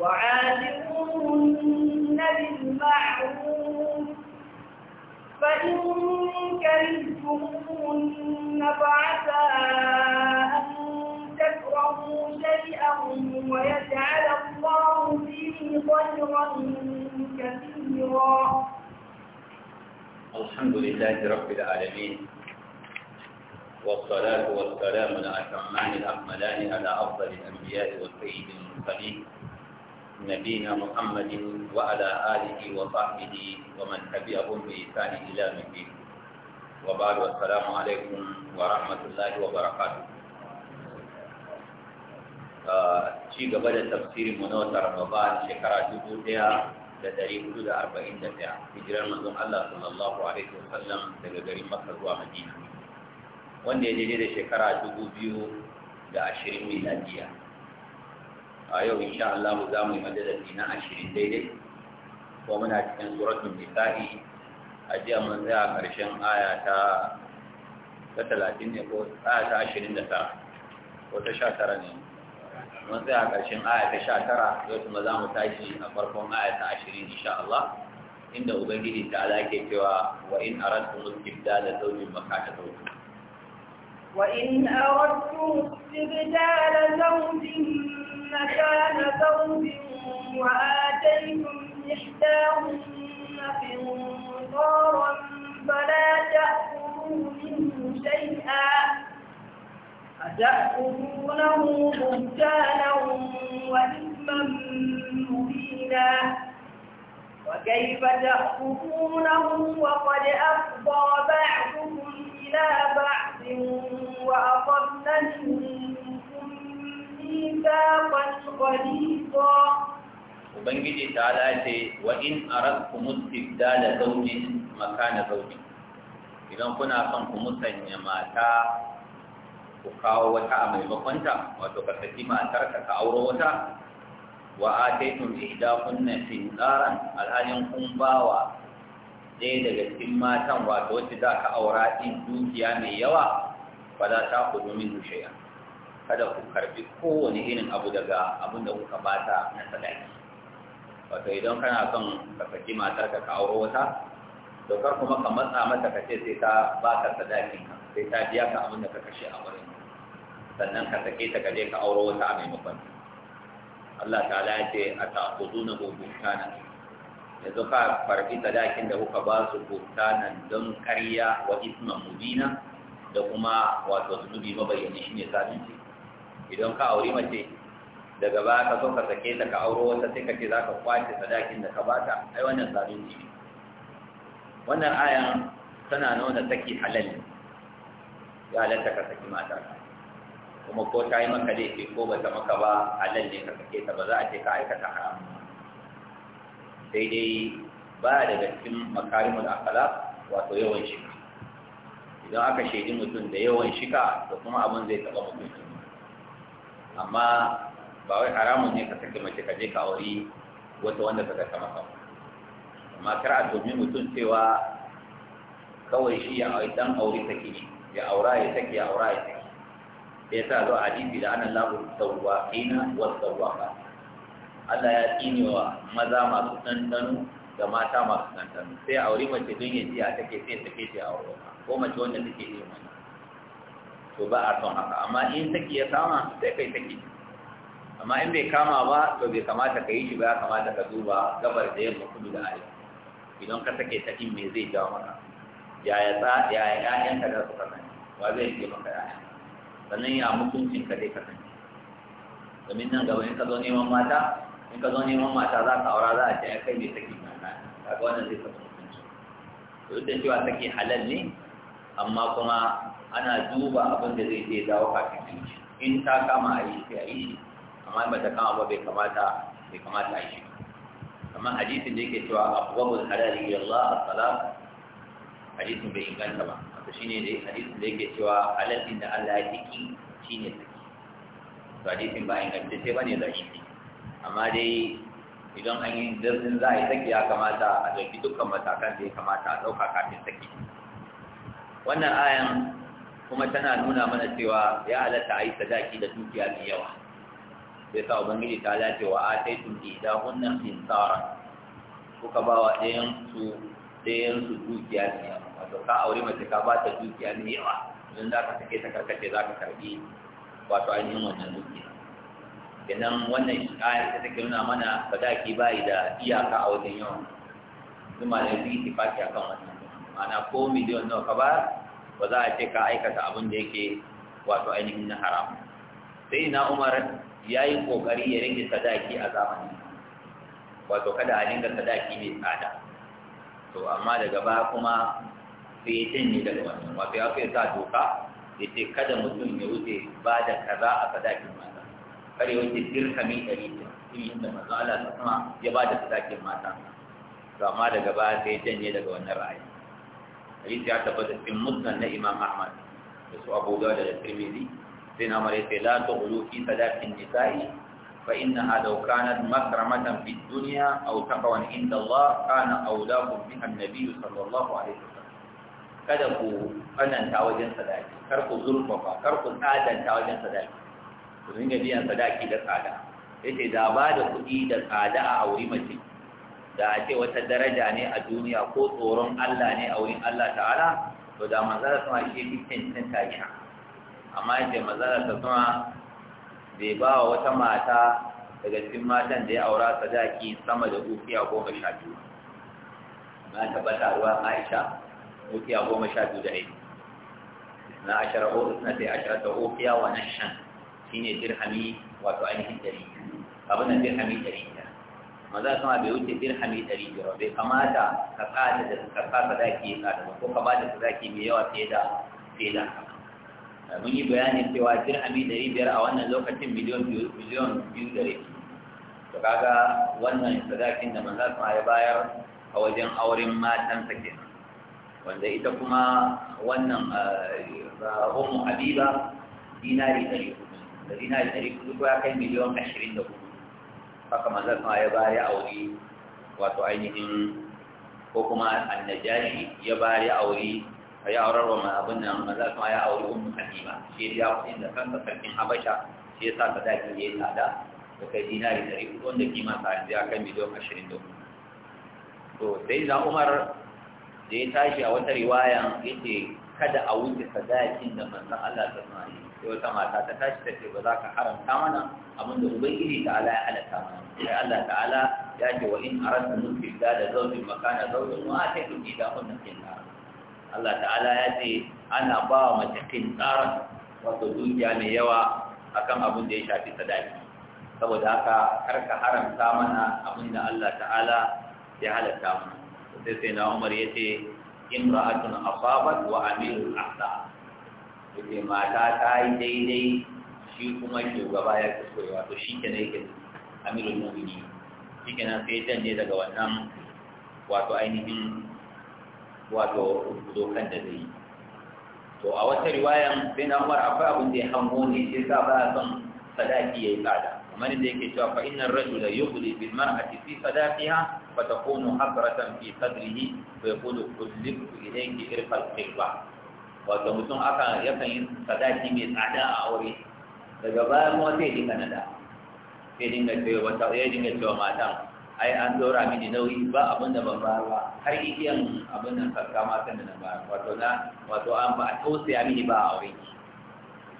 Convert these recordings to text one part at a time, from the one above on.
وعالمون بالمعروف فإن كرهتمون فعسى أن تكرهوا شيئا ويجعل الله فيه خيرا كثيرا الحمد لله رب العالمين والصلاة والسلام على الأتمان الأكملان على أفضل الأنبياء والسيد المرسلين نبينا محمد وعلى آله وصحبه ومن تبعهم بإحسان إلى وبعد عليكم ورحمة الله وبركاته ci gaba da tafsirin mu na wata Ramadan shekara dubu ɗaya da dari hudu da arba'in da hijirar manzon Allah sallallahu alaihi daga garin Makka zuwa Madina wanda ya daidai da shekara dubu biyu da ashirin miladiya a yau insha Allah za mu yi majalisi na ashirin daidai ko muna cikin suratul nisa'i a jiya mun tsaya karshen aya ta ta talatin ne ko aya ta ashirin da tara ko ta sha tara ne mun tsaya karshen aya ta sha tara yau kuma za mu tashi a farkon aya ta ashirin insha Allah inda ubangiji ta ala ke cewa wa in aradtum istibdala zawjin makata zawjin وإن أردتم استبدال زوج مكان ثوب وآتيتم إحداهن قنطارا فلا تأكلوا منه شيئا أتأكلونه بهتانا وإثما مبينا وكيف تأكلونه وقد أفضى بعضكم إلى بعض وأقمنا منكم Ubangiji ta ce wa in aradtum istibdala zawjin makana zaune, idan kuna son ku musanya mata ku kawo wata a maimakon ta wato ka saki matar ka ka auro wata wa kunna ihdakunna sindaran alhalin kun ɗaya daga cikin matan wato wacce za ka aura din dukiya mai yawa ba za ta ku domin shay'a kada ku karbi kowane irin abu daga abin da kuka bata na sadaki wato idan kana son ka saki matar ka ka auro wata to kar kuma ka matsa mata ka ce sai ta ba ka sadakin ka sai ta biya ka abin da ka kashe a wurin sannan ka sake ta ka je ka auro wata a maimakon Allah Ta ala ce a ta ta'khuduna buhtana yanzu ka farfi sadakin da kuka ba su buhtanan don karya wa isman mubina da kuma wato zunubi mabayyani ne zalunci idan ka auri mace daga gaba ka so ka sake ta ka auro wata sai ka ce za ka kwace sadakin da ka bata ai wannan zalunci ne wannan ayan tana nuna saki halal ne ya halatta ka saki mata kuma ko ta yi maka laifi ko ba ta maka ba halal ne ka sake ta ba za a ce ka aikata haram sai dai ba daga cikin makarimul akala wato yawan shika idan aka shaidi mutum da yawan shika da kuma abin zai taɓa mutum amma ba wai haramun ne ka sake mace ka je ka aure wata wanda ka gasa maka amma kar a domin mutum cewa kawai shi ya aure dan aure take ne ya aura ya take ya aura ya take ya sa zo hadisi da ana lahu tawwaqina wa tawwaqa Allah ya tsine wa maza masu tantanu da mata masu tantanu, sai aure mace don ya ji a take sai take ta aure ko mace wanda take yi mana to ba a son haka amma in saki ya kama sai kai saki amma in bai kama ba to bai kamata ka yi shi ba ya kamata ka duba gabar da yamma kudu da arewa idan ka sake sakin me zai jawo maka yaya tsa yaya ka da su kasance wa zai ce maka ƴaƴa sannan ya mutuncin ka zai kasance domin nan gaba in ka zo neman mata in ka zo neman mata za ka aura za a ce kai mai saki na na kaga wannan zai saka mutunci duk da cewa saki halal ne amma kuma ana duba abin da zai zai dawo kafin yi shi in ta kama a yi sai a yi shi amma ba ta kama ba bai kamata bai kamata a yi shi amma hadisin da yake cewa abubuwan halali Allah a tsala hadisin bai inganta ba wato shine da hadisin da yake cewa halalin da Allah ya tiki shine saki to hadisin ba inganta sai bane da shi amma dai idan an yi darsin za a yi saki ya kamata a ɗauki dukkan matakan da ya kamata a ɗauka kafin saki wannan ayan kuma tana nuna mana cewa ya halatta a yi sadaki da dukiya mai yawa sai sa ubangiji ta lace wa a sai tun ida hunnan bin tsara kuka ba wa ɗayansu ɗayansu dukiya mai yawa wato ka aure mace ka ba ta dukiya mai yawa don za ka sake ta karkace za ka karbi wato ainihin wannan dukiya kenan wannan ayar ta take nuna mana sadaki bayi da iyaka a wajen yawan kuma da yi tifaki akan wannan ma'ana ko miliyon nawa ka ba ba za a ce ka aikata abin da yake wato ainihin na haram sai na umar ya yi ƙoƙari ya rinke sadaki a zamani wato kada a dinga sadaki mai tsada to amma daga baya kuma sai ya janye daga wannan wato ya fi sa doka ya ce kada mutum ya wuce ba da kaza a sadakin mata kare wuce mai ɗari irin da manzo Allah ta kuma ya ba da sadakin mata to amma daga baya sai ya janye daga wannan ra'ayi hadisi ya tabbata cikin musnad na imam ahmad da su abu da da tirmidhi sai na mare sai la tughlu fi salatin nisa'i fa innaha law kanat makramatan fid dunya aw taqwan inda Allah kada ku ananta wajen sadaki kar ku zurfafa kar ku tsadanta wajen sadaki ku dinga biyan sadaki da tsada yace da ba da kuɗi da tsada a auri mace da a ce wata daraja ne a duniya ko tsoron Allah ne a wurin Allah ta'ala to da manzara sama shi fi ta tashi amma yadda manzara ta suna bai ba wa wata mata daga cikin matan da ya aura sadaki sama da ukiya goma sha biyu na tabbata ruwa aisha ukiya goma sha biyu da aiki na ashara ko na sai ashara ta ukiya wa nashan shine dirhami wato ainihin dari abin da dirhami dari maza sama bai wuce dirhami ɗari biyar bai kamata ka kada da ka kasa zaki ya kada ba ko ka ba da zaki mai yawa fiye da fiye da mun yi bayanin cewa dirhami ɗari biyar a wannan lokacin miliyon biyu miliyon biyu da rabi to kaga wannan sadakin da maza sama ya bayar a wajen auren matan sa kenan wanda ita kuma wannan eh, ummu habiba dinari ɗari hudu da dinari ɗari hudu ko ya kai miliyon ashirin da hudu haka manzon sama ya bari aure wato ainihin ko kuma annajashi ya bari aure ya aurar wa mai abin nan manzon sama ya aure ummu halima shi ya kuɗin da kansa sarkin habasha shi ya sa ka daki ya yi tsada da kai dinari ɗari uku wanda kima sa yanzu ya kai miliyan ashirin da uku to sai na umar da ya tashi a wata riwayan ce kada a wuce sadakin da manzon Allah ta sani sai wata mata ta tashi ta ce ba za ka haramta mana abin da ubangiji ta ala ya halatta mana sai Allah ta'ala ya ce wa in arasta mulki da da zaujin makana zaujin wa ta kun ji da kin tsara Allah ta'ala ya ce ana ba wa mace kin tsara wato dukiya mai yawa akan abin da ya shafi sadaki saboda haka kar ka haramta mana abin da Allah ta'ala ya halatta mana sai sai na Umar ya ce imra'atun asabat wa amirul ahsa ce mata ta yi daidai shi kuma shugaba ya kuskure wato shi ke na yake amirul mumini shi ke nan sai janye daga wannan wato ainihin wato dokan da zai yi to a wata riwayan bin umar akwai abin da ya hango ne shi sa ba a son sadaki ya yi tsada kamar inda yake cewa fa inna ar-rajula yughli bil mar'ati fi sadaqiha fa takunu hasratan fi sadrihi fa yaqulu kullu ilayki irfal qilba wato mutum aka yakan yi sadaki mai tsada a aure daga bayan kuma sai dinga nada sai dinga cewa ta ya dinga wa matan ai an dora mini nauyi ba abin da ban bayar ba har igiyan abin nan kakka matan da na bayar wato na wato an ba a tausaya mini ba a aure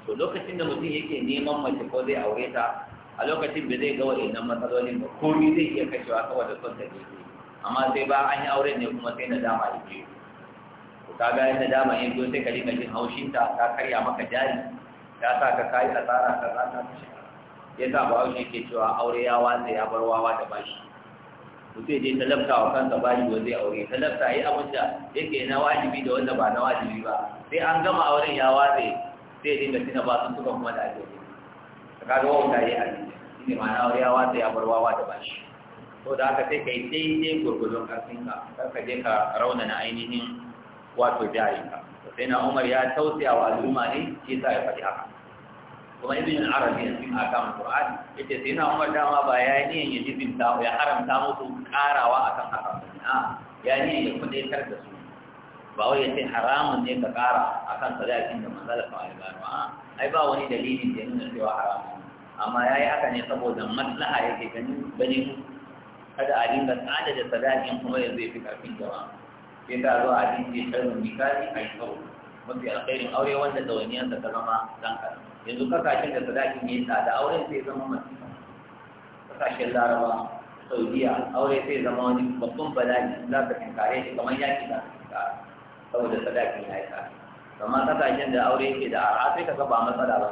to lokacin da mutum yake neman mace ko zai aure ta a lokacin bai zai ga waɗannan matsalolin ba komai zai iya kashewa kawai da son ta amma sai ba an yi auren ne kuma sai na dama da biyu ka ga yadda dama yin zo sai ka dinga jin haushin ta ta karya maka jari ta sa ka kai tsara ka za ta kashe ya sa ba haushi ke cewa aure ya watsa ya bar wawa da bashi mutum je talabta wa kansa bashi wa zai aure talabta yi abin da yake na wajibi da wanda ba na wajibi ba sai an gama auren ya watsa sai dinga tuna ba sun suka kuma da ake yi ka ga wanda ya yi a ne ma na aure ya watsa ya bar wawa da bashi ko da haka sai kai daidai gurgurdon karfinka kar ka je ka raunana ainihin wato jarinka sai na umar ya tausaya wa al'umma ne shi sa ya faɗi haka kuma ibn arabi a ka mu qur'an yace sai na umar dama ba ya yi niyan ya ta ya haramta musu karawa akan haka a ya niyan ya tar da su ba wai yace haramun ne ka kara akan sadakin da manzala fa ya gano a ai ba wani dalili da nuna cewa haramun amma yayi haka ne saboda maslaha yake ganin bane kada a dinga tsada da sadakin kuma yanzu ya fi karfin jama'a sai ta zo a dinke tsarin nikali a yi kawo mafi alkhairin aure wanda da wani yanzu ta zama zan ƙarfi yanzu kasashen da sadakin ya yi tsada auren sai zama masu kasashen laraba saudiya aure sai zama wani babban bala'i za ka tinkare shi kamar yaki za ka tinkare saboda sadakin ya yi tsada amma kasashen da aure yake da arha sai ka ga ba matsala ba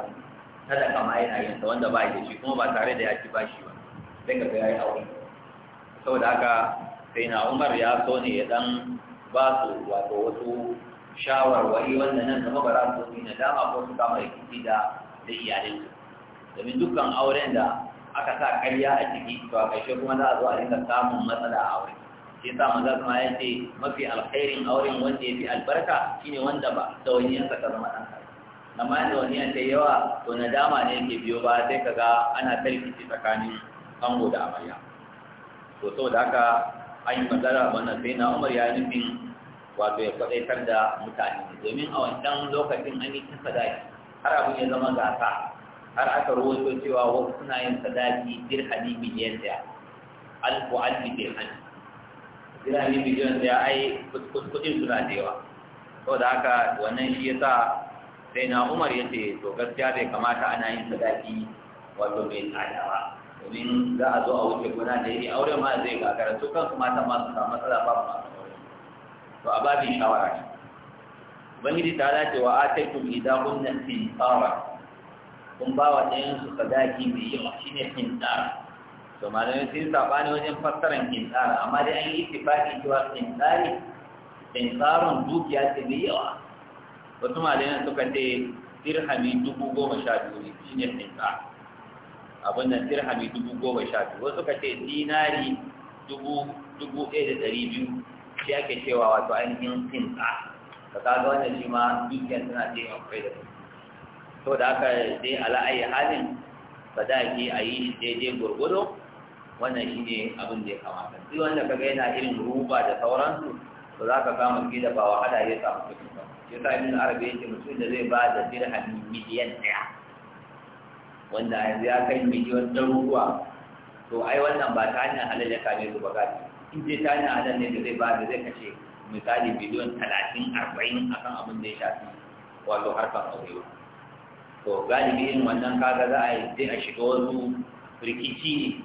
ta da kama yana yin ta wanda ba ya shi kuma ba tare da ya ci ba shi ba sai ka ga ya yi aure saboda haka sai na umar ya so ne ya dan ba su wato wasu shawarwari wanda nan da za su yi na dama ko su kama rikici da da iyalin domin dukkan auren da aka sa karya a ciki to a ƙarshe kuma za a zo a rinka samun matsala a aure sai yasa maza kuma ya ce mafi alkhairin auren wanda ya fi albarka shine wanda ba da wani yasa ka zama ɗan amma yadda wani ya ta yawa to nadama ne ke biyo ba sai kaga ana tarkici tsakanin ango da amarya to saboda haka an yi magana wannan sai na umar ya nufin wato ya kwadaitar da mutane domin a wancan lokacin an yi cin sadaki har abin ya zama gasa har aka rubuto cewa wasu suna yin sadaki dirhami miliyan daya alfu alfi dirhami dirhami miliyan daya ai kuɗin suna da yawa saboda haka wannan shi ya sa sai na umar ya ce to gaskiya bai kamata ana yin sadaki wato mai tsada ba domin za a zo a wuce guna da yi aure ma zai gagara kan kuma ta ma su samu matsala ba ma to a babin shawara ne ubangiji ta dace wa ataikum idan kunna tintara kun ba wa ɗayan su sadaki mai yawa shine tsara to malamai sun sabani wajen fassarar fassaran tsara amma dai an yi ittifaqi cewa tintari tsarin dukiya ce mai yawa wasu malamai suka ce dirhami dubu goma sha biyu shine tsara abin nan dirhami dubu goma sha biyu wasu ka ce dinari dubu dubu ɗaya da ɗari biyu shi ake cewa wato ainihin tinsa ka ga wannan shi ma dukiyar tana ce yawan kai da to da aka dai ayi halin ba za ki a yi shi daidai gwargwado wannan shi ne abin da ya kamata duk wanda ka ga yana irin ruba da sauransu to za ka samu da ba wahala ya samu kuɗi ba ya sa ibn arabi yake mutum da zai ba da dirhami miliyan ɗaya wanda yanzu ya kai miliyon ɗaruruwa to ai wannan ba ta hanyar halal ya kame su ba gaji in dai ta hanyar halal ne da zai ba da zai kashe misali miliyan talatin arba'in akan abin da ya shafi wato harkar aurewa. to galibi yin wannan kaga za a yi sai a shiga wasu rikici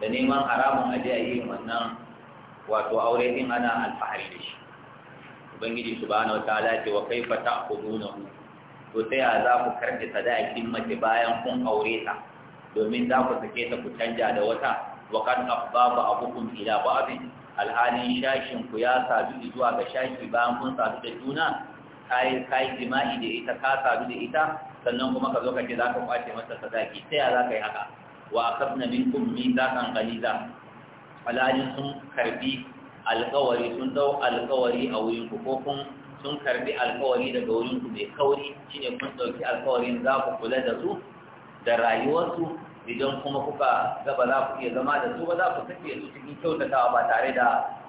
da neman haramun aje a yi wannan wato aure din ana alfahari da shi ubangiji subhanahu wataala ce wa kaifa ta'khudunahu to sai a za ku karɓi sadakin mace bayan kun aure ta domin za ku sake ta ku canja da wata wa kan afbabu abukum ila ba'din alhalin shashin ku ya sadu zuwa ga shashi bayan kun sadu da juna kai kai jima'i da ita ka sadu da ita sannan kuma ka zo ka ce za ka kwace mata sadaki sai a za ka yi haka wa za minkum mithaqan ghaliza alhalin sun karbi alƙawari sun dau alƙawari a wurin ku ko kun sun karbi alkawari daga wurin ku mai kauri shine kun ɗauki alkawarin za ku kula da su da rayuwarsu idan kuma kuka gaba za ku iya zama da su ba za ku tafiye su cikin kyautatawa ba tare da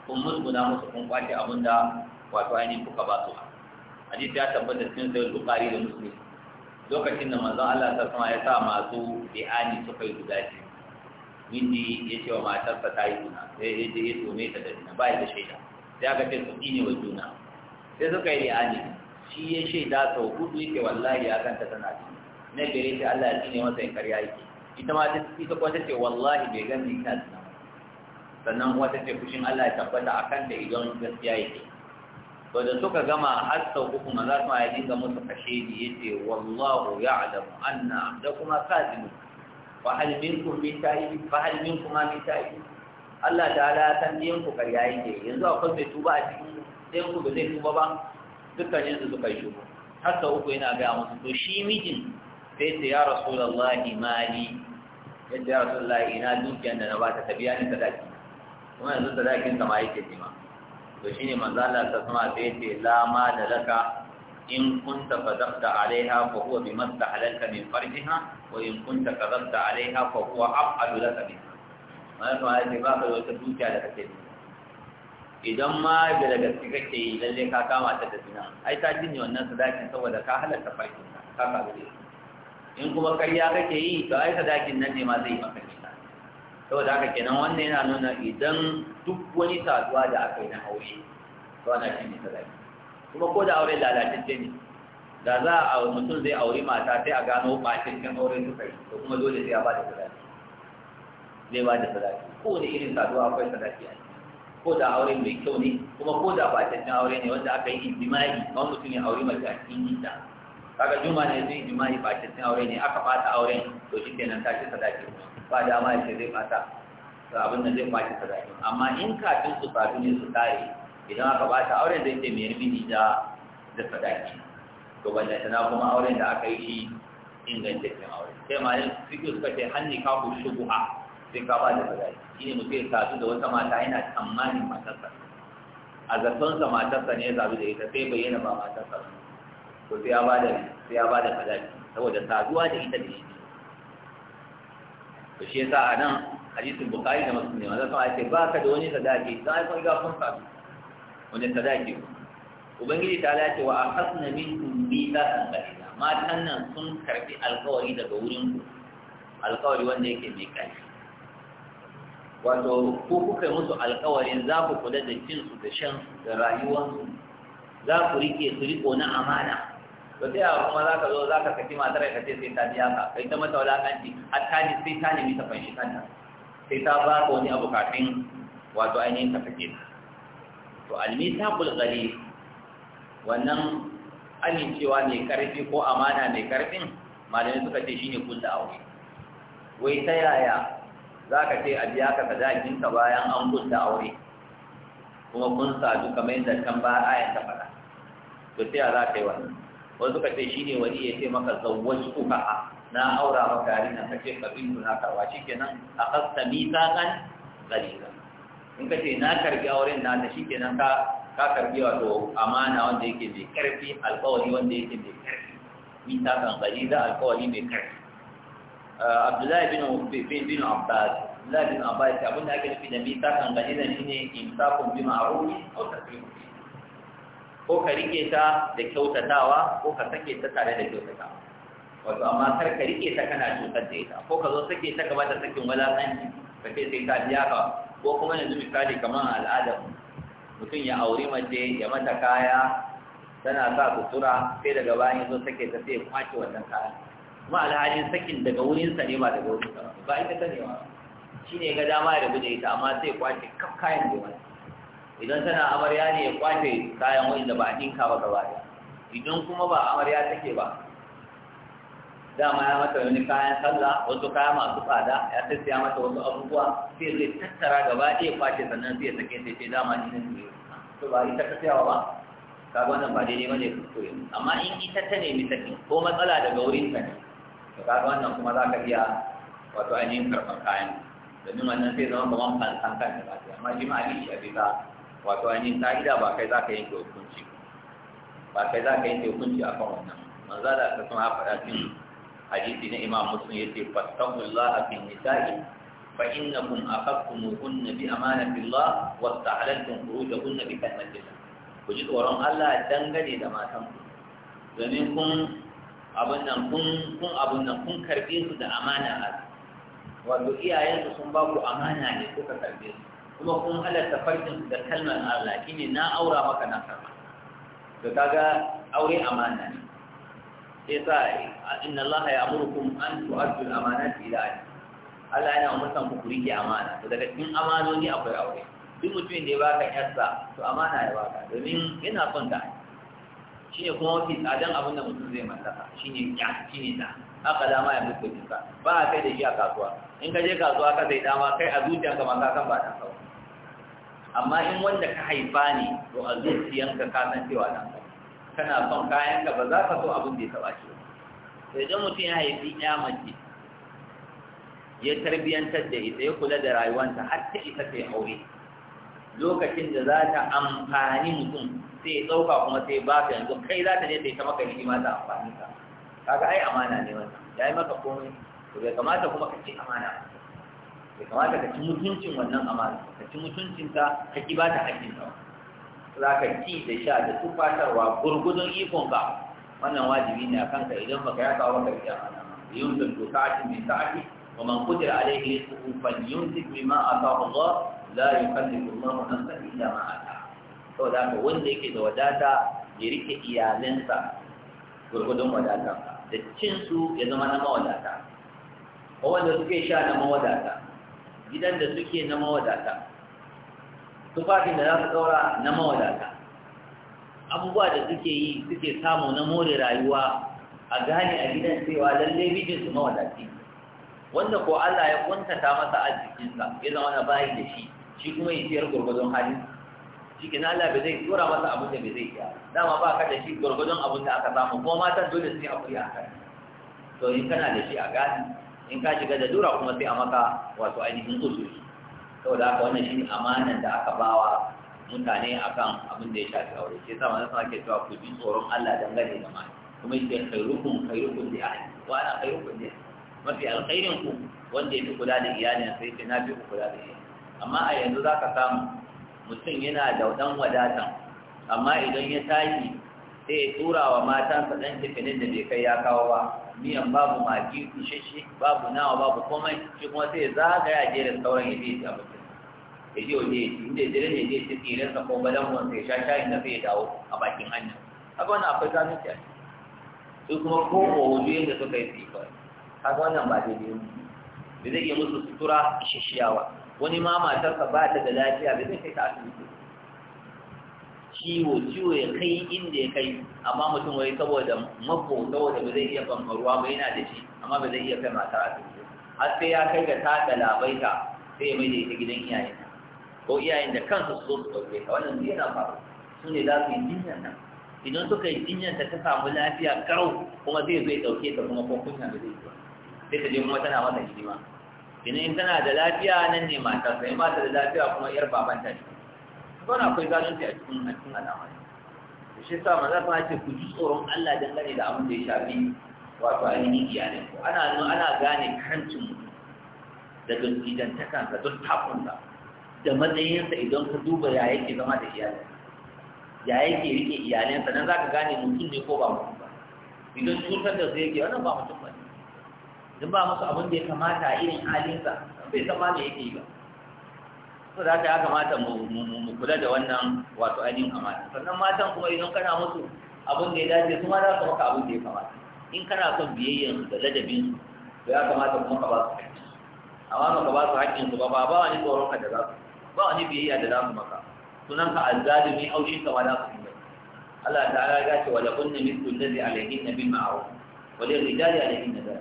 kun musguna musu kun kwace abin da wato ainihin kuka ba su ba hadisi ya tabbata cikin sayar bukari da musulmi lokacin da manzon Allah ta sama ya sa masu bi'ani suka yi guda biyu windi ya ce wa matarsa ta yi juna sai ya je ya tome ta da juna ba ya da shaida sai aka ce su ne wa juna sai suka yi li'ani shi ya shaida sau hudu yake wallahi ya kanta tana ci na gare ta Allah ya tsine masa in karya yake ita ma ta ita kuma ta ce wallahi bai gani ta tsina sannan kuma ta ce fushin Allah ya tabbata a kanta idan gaskiya yake to da suka gama har sau uku maza su ma ya dinga musu kashedi ya ce wallahu ya'lamu anna da kuma kazimu fa hal minkum min ta'ibi fa hal minkum min ta'ibi Allah ta ya san biyan ku karya yake yanzu akwai mai tuba a cikin Sai ku ba zai tuba ba dukkanin su suka yi har sau uku yana gaya musu to shi mijin sai ta ya rasulallahi mali yadda ya rasulallahi ina dukiyar da na ba ta tabiya ni sadaki kuma yanzu sadakin kama yake nema to shine manzo Allah ta sama sai ce la ma da laka in kunta fadakta alaiha fa huwa bi mastahalalka min farjiha wa in kunta kadabta alaiha fa huwa af'alu laka min ma ya ce ba ka wata dukiya da kake nema idan ma da gaske kake yi lalle ka kama ta da zina ai ta ne wannan sadakin saboda ka halarta farki ka ka gode in kuma karya kake yi to ai sadakin nan ne ma zai maka kina saboda haka kenan wannan yana nuna idan duk wani saduwa da aka yi na aure to ana shi ne sadaki kuma ko da aure lalatacce ne da za a mutum zai auri mata sai a gano bacin kan aure suka yi to kuma dole sai ya ba da sadaki zai ba da sadaki kowane irin saduwa akwai sadaki a ko da aure mai kyau ne kuma ko da ba cancan aure ne wanda aka yi ijimai wani mutum ya aure mai a cikin gida kaga juma ne zai ijimai ba cancan aure ne aka fata auren to shi kenan ta ce sadaki ba da ma ce zai fata to abin da zai kwace sadaki amma in kafin su fatu ne su tare idan aka fata auren zai ce mai rubi da da sadaki to ban da na kuma auren da aka yi shi ingantaccen aure sai ma yin suke suka ce hannu kafu shubuha sai ka ba da sadaki shi ne mutum ya sadu da wata mata yana tsammanin matarsa a zatonsa matarsa ne ya zabi da ita sai bayyana ba matarsa ba to sai ya bada sai ya bada sadaki saboda saduwa da ita da shi to shi yasa a nan hadisin bukari da masu nema wanda sun ce ba ka da wani sadaki don ai kun ga kun sadu wani sadaki ubangiji ta lace wa akhasna minkum mithaqan qalila matan nan sun karbi alƙawari daga wurin ku alƙawari wanda yake mai ƙarfi wato ko kuka yi musu alkawarin za ku kula da cinsu da shan da rayuwansu za ku rike su riko na amana to sai a kuma za ka zo za ka saki matar ka ce sai ta biya ka kai ta mata wulaƙanci hatta ni sai ta nemi ta fanshi kanta sai ta ba ka wani abu kafin wato ainihin ka sake ta to almisaqul ghalib wannan amincewa mai ƙarfi ko amana mai ƙarfin? malamai suka ce shine kullu aure wai ta yaya za ka ce a biya ka sadakinka bayan an kunta aure kuma kun sadu kamar yadda can ba a yanta faɗa to sai a za ka yi wannan wani suka ce shi ne wani ya ce maka zawwaci kuka na aura maka yari na kace ka bin na karwa shi kenan a kasta mitsakan tsarira in ka ce na karbi auren na ta shi kenan ka ka karbi wato amana wanda yake mai karfi alkawari wanda yake mai karfi mita kan gari da alkawari mai karfi Eh, abdullahi bin bin abbas abdullahi bin abbas abin da ake nufi da mita kan gani da shine imsakun bi ta aw tasrifun ko ka rike ta da kyautatawa ko ka sake ta tare da kyautatawa wato amma kar ka rike ta kana cutar da ita ko ka zo sake ta gaba da sakin walakanci ka ce sai ta biya ka ko kuma yanzu misali kamar al'adar mutum ya auri mace ya mata kaya tana sa sutura sai daga bayan zo sake ta sai ya kwace wannan kaya. kuma alhalin sakin daga wurinsa ne ba daga wurinsa ba ita ta ne ba shi ne ga dama ya rabu da ita amma sai kwace kaf kayan da idan tana amarya ne ya kwace kayan da ba a ɗinka ba gaba ɗaya idan kuma ba amarya take ba dama ya mata wani kayan sallah wasu kaya masu tsada ya tattaya mata wasu abubuwa sai zai tattara gaba ɗaya kwace sannan sai ya sake sai sai dama ni nan ne to ba ita ta tsayawa ba kaga wannan ba daidai bane kuskure amma in ita ta nemi sakin ko matsala daga wurin ka ne Ka kaga wannan kuma za ka iya wato ainihin karɓar kayan domin wannan zai zama kamar fansan kan da lafiya amma shi ma shi a bisa wato ainihin ka'ida ba kai za ka yanke hukunci ba kai za ka yanke hukunci a kan wannan manzo da ka kuma faɗa cikin hadisi na imam ce yace a fi nisa'i fa innakum akhadtumuhunna bi amanatillah wa ta'alantum khurujahunna bi kalmatillah ku ji tsoron Allah dangane da matan ku domin kun abin nan kun kun abin nan kun karbe su da amana a wato iyayen su sun ba ku amana ne kuka karbe su kuma kun halarta farkin su da kalmar Allah shine na aura maka na karba to kaga aure amana ne sai sa inna Allah ya amurkum an tu'addu al-amanati ila ahli Allah yana umurtan ku ku rike amana to daga cikin amanoni akwai aure duk mutumin da ya baka yarsa to amana ya baka domin yana son ta ne kuma mafi tsadan abin da mutum zai mallaka ne ya ne na haka dama ya mutu duka ba a kai da shi a kasuwa in ka je kasuwa ka sai dama kai a zuciyarka ma ka san ba ta kawo amma in wanda ka haifa ne to a zuciyanka ka san cewa ka kana son kayan ka ba za ka so abin da ya taba shi sai idan mutum ya haifi ya mace ya tarbiyantar da ita ya kula da rayuwanta har ta isa ta yi aure lokacin da za ta amfani mutum sai ya ɗauka kuma sai ba ka yanzu kai za ta ne ta yi ta maka ma ta amfani ka kaga ai amana ne wannan ya yi maka komai to bai kamata kuma ka ci amana bai kamata ka ci mutuncin wannan amana ka ci ta ka ki ba ta ka, za ka ci da sha da tufatarwa gurgudun ikonka wannan wajibi ne a kanka idan baka ya kawo ka riya yunzil bi sa'ati mai sa'ati wa man qadira alayhi rizquhu falyunzil mimma ataahu Allah la yukallifu Allahu nafsan illa ma ataha da haka wanda yake da wadata ya rike iyalinsa gurgudun wadata da cin su ya zama na mawadata ko wanda suke sha na mawadata gidan da suke na mawadata tufafin da za su ɗaura na mawadata abubuwa da suke yi suke samu na more rayuwa a gane a gidan cewa lalle mijinsu mawadaci wanda ko Allah ya kuntata masa arzikinsa ya zama na bayi da shi shi kuma ya ciyar gwargwadon hali shi ke Allah bai zai tura masa abin da bai zai iya dama ba ka da shi gwargwadon abin da aka samu kuma matan dole su yi haƙuri a kai to in kana da shi a gadi in ka shiga da dura kuma sai a maka wato ainihin usuri saboda haka wannan shi amanan da aka bawa mutane akan abin da ya shafi aure shi yasa manzon sa ke cewa ku ji tsoron Allah dangane da mata kuma yake khairukum khairukum li ahli wa ana khairukum li mafi alkhairin ku wanda ya fi kula da iyalin sai ce na fi kula da iyalin amma a yanzu za ka samu mutum yana da ɗan wadatan amma idan ya tashi sai ya tura wa matansa ɗan tafinin da bai kai ya kawo ba miyan babu maki kushashe babu nawa babu komai shi kuma sai ya zagaya jerin sauran ya je ya abinci ya je waje ya ci inda ya jirin ya je ya ci tsirinsa ko balanwansa ya sha shayin da zai dawo a bakin hanya haka wannan akwai zanunci a su kuma ko ohudu yadda suka yi tsifa haka wannan ba daidai ne da zai iya musu sutura shishiyawa wani ma matarsa ba ta da lafiya bai zai kai ta asibiti ciwo ciwo ya kai inda ya kai amma mutum wai saboda mako saboda ba zai iya bambaruwa ba yana da shi amma ba zai iya kai matar asibiti har sai ya kai ga ta da labaita sai ya mai da ita gidan iyayen ko iyayen da kansu su zo su ɗauke ta wannan zai yana faru su ne za su yi jinyar nan idan suka yi jinyar ta ta samu lafiya karau kuma zai zo ya ɗauke ta kuma ko kunya ba zai yi ba sai ta je kuma tana mata hidima ina in tana da lafiya nan ne mata sai mata da lafiya kuma yar babanta ne kuma akwai zalunci a cikin a cikin al'amari da shi sa maza ta ce ku ji tsoron Allah gane da abin da ya shafi wato ainihin iyalin ku ana ana gane kancin mutum da don takansa don takunsa da matsayinsa idan ka duba ya yake zama da iyalin ya yake rike iyalinsa nan za ka gane mutum ne ko ba mutum ba idan cutar da su yake wannan ba mutum ba ne In ba musu abin da ya kamata a irin halinsa bai san ma yake yi ba so da haka ya kamata mu kula da wannan wato ainihin amana sannan matan kuma idan kana musu abin da ya dace su ma za su maka abin da ya kamata in kana son su da ladabinsu to ya kamata kuma ka ba su haƙƙi amma ba ka ba su su ba ba ba wani tsoron ka da za su ba wani biyayya da za su maka sunan ka azzalimi aushin ka ma za su yi Allah ta'ala ya ce wa lakunna mithlu allazi alayhi nabiyyu ma'ruf wa lil rijali alayhinna bil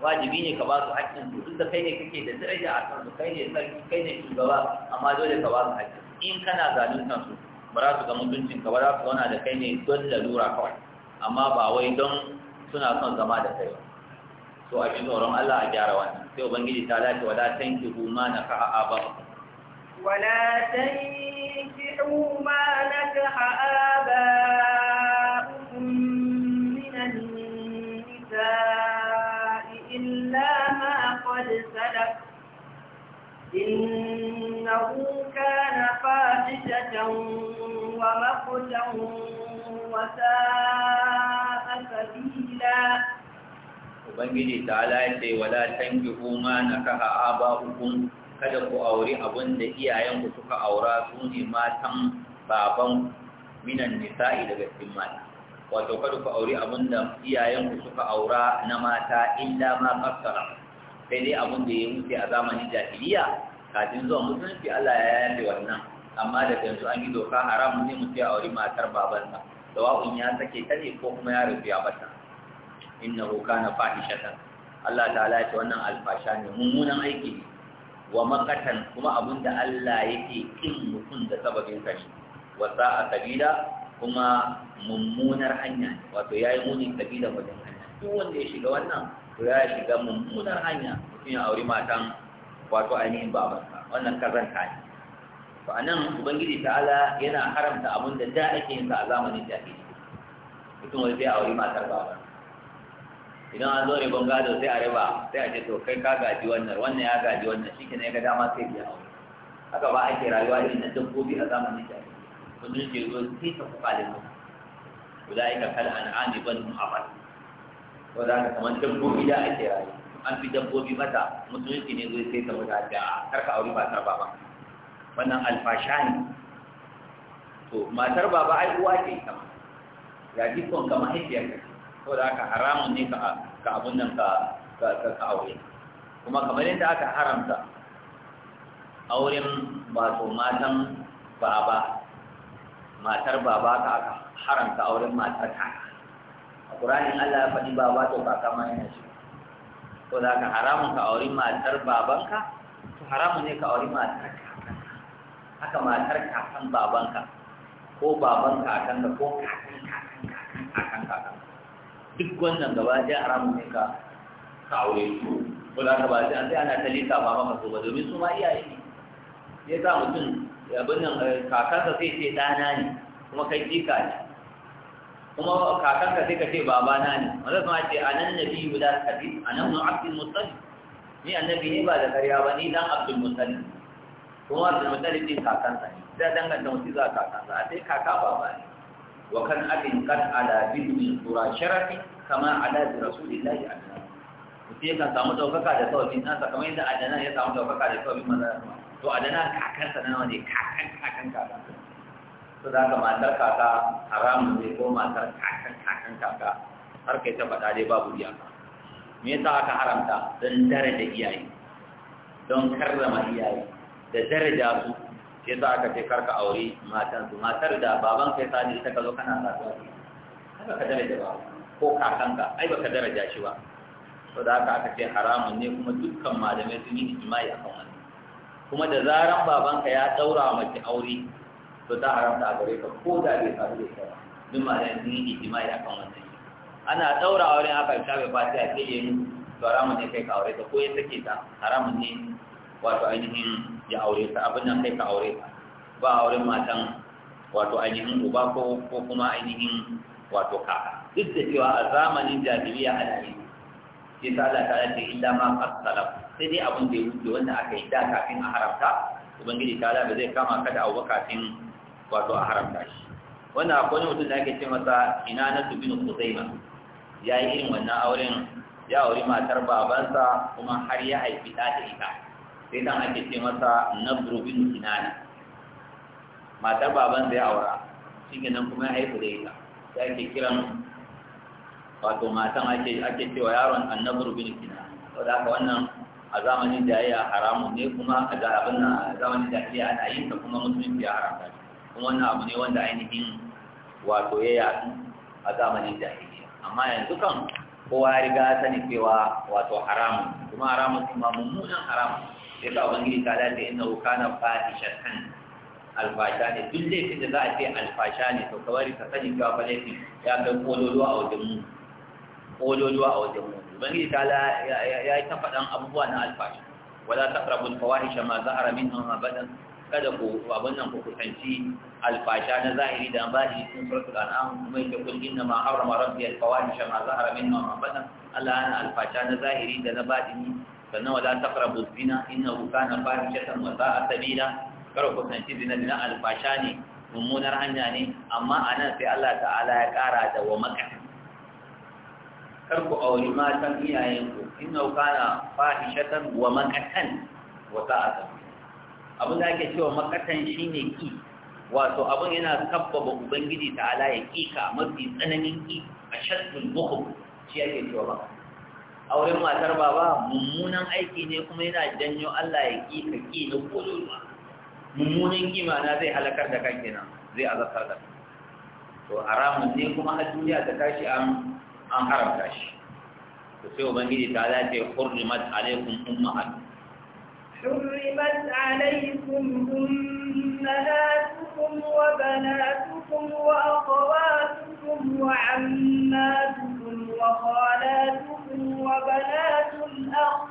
wajibi ne ka ba su haƙƙin su tunda kai ne kake da daraja a kan su kai ne sarki kai ne shugaba amma dole ka ba su haƙƙin in kana zaluntar su ba za su ga mutuncin ka ba za su zauna da kai ne don lalura kawai amma ba wai don suna son zama da kai ba to a ji tsoron Allah a gyara wannan sai ubangiji ta dace wala tankihu ma nakaha abakum ولا تنكحوا ما نكح آباؤكم إنه كان فاحشة ومقتا وساء سبيلا Ubangiji ta'ala ya ce na kaha a ba aba'ukum kada ku auri abin da iyayenku suka aura su ne matan baban minan nisa'i daga cikin mata wato kada ku auri abin da iyayenku suka aura na mata illa ma qassara sai dai abin da ya mutu a zamanin jahiliya kafin zuwa musulunci Allah ya yi wannan amma da yanzu an yi doka haram ne mu ce a wuri matar babansa dawa'un ya sake ta ne ko kuma ya rufe a bata na kana fahishatan Allah ta'ala ya ce wannan alfasha ne mummunan aiki ne wa makatan kuma abin da Allah yake kin mutum da sababin ka ne wa sa'a sabila kuma mummunar hanya ne wato yayi muni sabila wajen hanya duk wanda ya shiga wannan to ya shiga mummunar hanya mutum ya auri matan wato ainihin babansa wannan kazanta ne to anan ubangiji ta'ala yana haramta abin da da ake yin sa a zamanin jahili mutum wai sai auri matar baban. idan an zo ne ban gado sai a riba sai a ce to kai ka gaji wannan wannan ya gaji wannan shi kenan ya ga dama sai biya aure haka ba ake rayuwa irin na dabbobi a zamanin jahili kudin zo sai ta kuka da mu ka kal an'ami ban muhammad ko da haka kamar dabbobi da ake rayu an fi dabbobi mata musulunci ne zai sai ta wuta da karka aure matar baba wannan alfasha ne to matar baba ai uwa ce kama ya ji kon kama hijiyar ka ko da haka haramun ne ka ka abun nan ka ka aure kuma kamar yadda aka haramta auren wato matan baba matar baba ka aka haramta auren matar kaka Qur'ani Allah ya faɗi ba to ba ma yana shi Ko da ka haramun ka auri matar babanka to haramun ne ka auri matar kakanka haka matar kakan babanka ko baban kakanka ko kakan kakan kakan kakan kakan duk wannan gaba ɗaya haramun ne ka ka aure su ko da ka ba sai an sai ana talita ba maka so ba domin su ma iyaye ne ya sa mutum abin nan kakansa sai ce ɗana ne kuma kai jika ne kuma kakan ka sai ka ce baba na ne wanda kuma ce anan nabi guda kabi anan nu abdul muttalib ni annabi ne ba da karya ba ni dan abdul muttalib kuma abdul muttalib ne kakan sa ne sai danganta mutum za kakan sa sai kaka baba ne wa kan abin kan ala bidmi sura sharafi kama ala rasulillahi alaihi mutum yakan samu daukaka da na sa kamar yadda adana ya samu daukaka da sauƙin maza to adana kakansa na wani kakan kakan kakan su da ka matar kaka haramun ne ko matar kakan kakan kaka har kai ta faɗa dai babu iyaka me yasa aka haramta don daraja iyaye don karrama iyaye da daraja su Ke za ka ce karka aure matan su matar da baban kai sani ita ka zo kana sa haka ka daraja ba ko kakanka ai baka daraja shi ba to da aka ce haramun ne kuma dukkan malamai sun yi ijma'i akan wannan kuma da zaran babanka ya daura mace aure to ta haramta a gare ka ko da bai faru da ita ba duk ma dan sun yi ya kan wannan ana daura auren aka shafe fatiha sai ya yi to haramun ne kai ka aure ta ko ya sake ta haramun ne wato ainihin ya aure ta abin nan kai ka aure ta ba auren matan wato ainihin uba ko kuma ainihin wato ka. duk da cewa a zamanin jahiliya halaye ke ta Allah ta ce illa ma qasala sai dai abin da ya wuce wanda aka yi da kafin a haramta ubangiji ta Allah ba zai kama ka da abubakar kafin wato a haramta shi wannan akwai mutum da ake ce masa ina na tubinu kuzaima ya yi irin wannan auren ya auri matar babansa kuma har ya haifi ɗa da ita sai dan ake ce masa na bin kinana matar babansa ya aura shi ke nan kuma ya haifi da ita sai ake kiran wato matan ake ake cewa yaron annabru bin kinana saboda haka wannan a zamanin da ya haramu ne kuma a abin a zamanin da ya ana yin ta kuma musulunci ya haramta shi wannan abu ne wanda ainihin wato ya yadu a zamanin jahiliya amma yanzu kan kowa ya riga ya sani cewa wato haramun kuma haramun kuma mummunan haramun sai ka ubangiji ta dace inna kana fahishatan alfasha ne duk laifin da za a ce alfasha ne to kawai ka sani cewa fa laifin ya kai kololuwa a wajen mu kololuwa a wajen mu ubangiji ta ya yi ta faɗan abubuwa na alfasha wala ta taqrabu alfawahisha ma za'ara minha ma badan kada ku abin nan ku kusanci alfasha na zahiri da zahiri sun suratul an'am kuma yake kul inna ma harrama rabbi al-fawahisha ma zahara minha ma batan Allah ana alfasha na zahiri da na batini sannan wala taqrabu zina innahu kana fahishatan wa sa'a sabila kar ku kusanci zina dina alfasha ne mummunar hanya ne amma anan sai Allah ta'ala ya kara da wa makata kar ku auri matan iyayenku innahu kana fahishatan wa makatan wa sa'a sabila abin da ake cewa makatan shine ki wato abin yana sabbaba ubangiji ta ala ya ka mafi tsananin ki a shaddul bukum shi ake cewa ba auren matar baba mummunan aiki ne kuma yana janyo Allah ya ka ki na kululwa mummunan ki na zai halakar da kan kenan zai azabtar da to haramun ne kuma har duniya ta tashi an haramta shi to sai ubangiji ta ala ya ce hurrimat alaikum ummahat حرمت عليكم أمهاتكم وبناتكم وأخواتكم وعماتكم وخالاتكم وبنات الأخ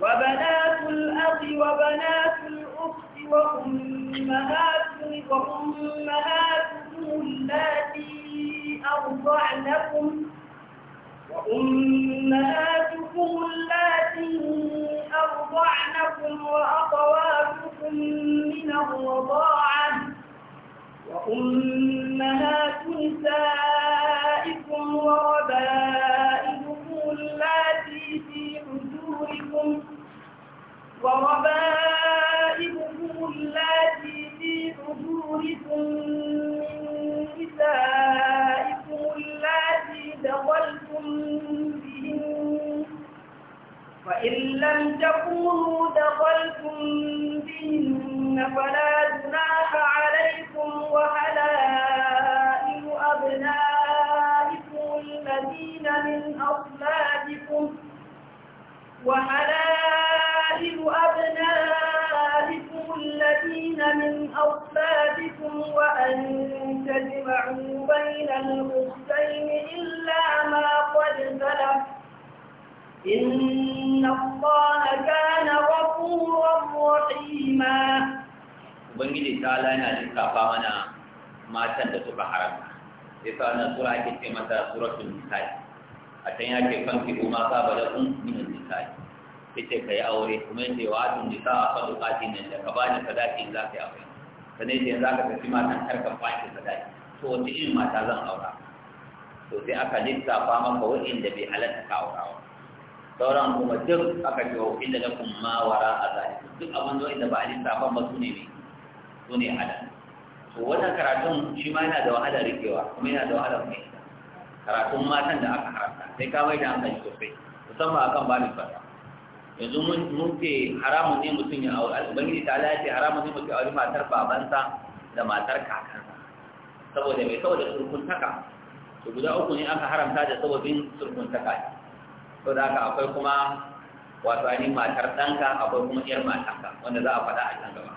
وبنات الأخ وبنات الأخت وأمهاتكم وأمهاتكم أرضعنكم وأمهاتكم التي أرضعنكم وأخواتكم من الرضاعة وأمهات نسائكم وربائبكم التي في حجوركم وربائبكم التي في حجوركم من نسائكم التي دخلتم بهن وإن لم تكونوا دخلتم بهن فلا جناح عليكم وحلائل أبنائكم الذين من أصلابكم وحلائل أبنائكم الذين من أصلابكم وأن تجمعوا بين الأختين إلا ما قد سلف إن الله كان غفورا رحيما Ubangiji ta lana lissafa mana matan da suka haramta, sai sa wannan sura ake ce mata suratul nisa'i. A can ya ke fanki kuma ka bada kun min nisa'i. Sai ce ka yi aure kuma yace wa atun nisa a fadu kati nan da ka bani sadaki za ka yi aure. Sanai ce za ka tafi matan kar ka bani sadaki. To wace irin mata zan aura? To sai aka lissafa maka da bai halatta ka aurawa. sauran kuma duk aka ce wa inda lakum ma wara a zalika duk abin da wanda ba a lissafa ba su ne ne su ne to wannan karatun shi ma yana da wahalar rikewa kuma yana da wahalar mai karatun matan da aka haramta sai ka mai da hankali sosai musamman akan ni fata yanzu mun ce haramun ne mutum ya aure ubangiji ta ala ya ce haramun ne mutum ya aure matar babansa da matar kakansa saboda mai saboda surkuntaka to guda uku ne aka haramta da sababin surkuntaka ne to da haka akwai kuma wato ani matar ɗanka akwai kuma iyar matanka wanda za a faɗa a can gaba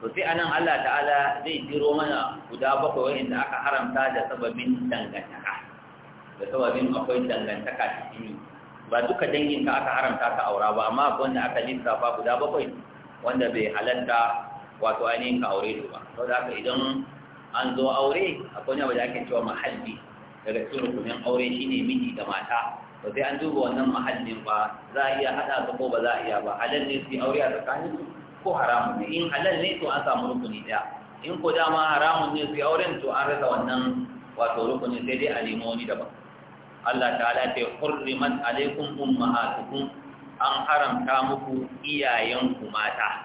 to sai anan Allah ta'ala zai jiro mana guda bakwai wanda aka haramta da sababin dangantaka da sababin akwai dangantaka cikin ba duka danginka aka haramta ka aura ba amma akwai wanda aka lissafa guda bakwai wanda bai halatta wato ani ka aure su ba sau da haka idan an zo aure akwai wanda da ake cewa mahalli daga cikin rukunin aure shine miji da mata ba sai an duba wannan mahallin ba za a iya haɗa su ko ba za a iya ba halal ne sai aure a tsakanin su ko haramun ne in halal ne to an samu rukuni ɗaya in ko dama haramun ne sai auren to an rasa wannan wato rukunin sai dai a nemo wani daban Allah Ta ala ce hurrimat alaikum ummahatukum an haramta muku iyayenku mata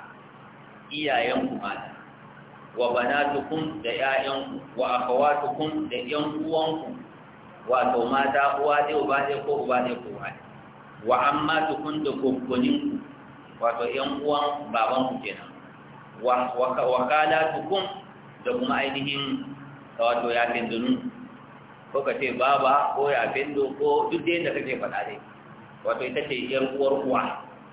iyayenku mata wa banatukum da ƴaƴanku wa akhawatukum da ƴan uwanku wato mata uwa ne uba ne ko uba ne ko uwa ne wa amma tukun da kokonin wato yan uwan baban ku kenan wa wakala tukun da kuma ainihin wato ya findunun ko ka ce baba ko ya findo ko duk da yadda kake faɗa dai wato ita ce yan uwar uwa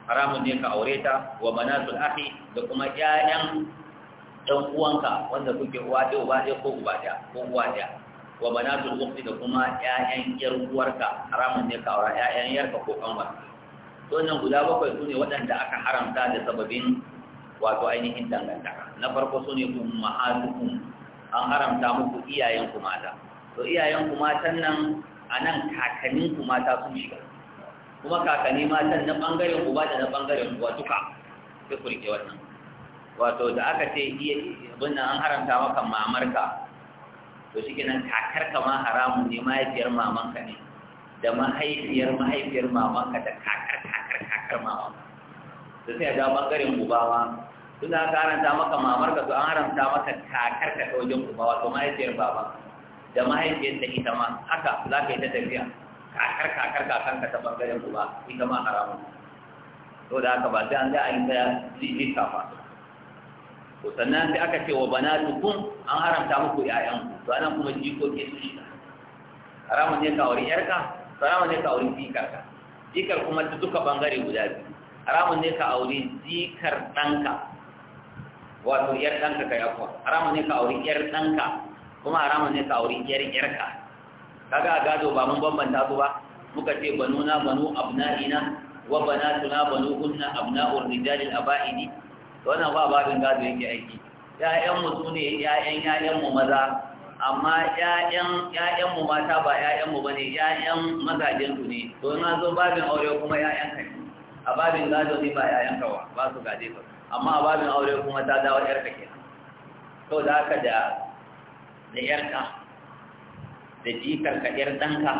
haramun ne ka aure ta wa manasul akhi da kuma ƴaƴan ɗan uwanka wanda kuke uwa ɗaya uba ɗaya ko uba ɗaya ko uwa ɗaya wa banatul ukhti da kuma ƴaƴan yar uwarka haramun ne ka aura ƴaƴan yarka ko kanwar to nan guda bakwai sune waɗanda aka haramta da sababin wato ainihin dangantaka na farko sune ummahatukum an haramta muku iyayen ku mata to iyayen ku matan nan anan kakannin ku mata sun shiga kuma kakanni matan na bangaren uba da na bangaren uwa duka sai ku rike wannan wato da aka ce iya abin nan an haramta maka mamarka to shi kenan kakar ka ma haramun ne mahaifiyar mamanka ne da mahaifiyar mahaifiyar mamanka da kakar kakar kakar mamanka to sai a ga bangaren ubawa tun da aka maka mamar ka to an haramta maka kakar ka ta wajen ubawa to mahaifiyar baba da mahaifiyar da ita ma haka za ka yi ta tafiya kakar kakar kakanka ta bangaren uba ita ma haramun to da haka ba sai an ga a yi ta lilita ba to sannan sai aka ce wa banatukum an haramta muku ƴaƴan to anan kuma jikoki su shiga haramun ne ka auri ƴarka haramun ne ka auri jikarka jikar kuma ta duka bangare guda biyu haramun ne ka auri jikar ɗanka wato ƴar ɗanka ka yakwa haramun ne ka auri ƴar ɗanka kuma haramun ne ka auri ƴar ƴarka kaga a gado ba mun bambanta ku ba muka ce banuna banu abna'ina wa banatuna banuhunna abna'ur rijalil aba'idi wannan ba babin gado yake aiki ƴaƴanmu su ne ƴaƴan ƴaƴanmu maza amma ƴaƴan ƴaƴanmu mata ba ƴaƴanmu bane ƴaƴan mazajen su ne to na zo babin aure kuma ƴaƴan ka a babin gado ne ba ƴaƴan kawa ba su gaje ba. amma a babin aure kuma ta dawo ƴar ka kenan to da haka da da ƴar ka da jikar ka ƴar danka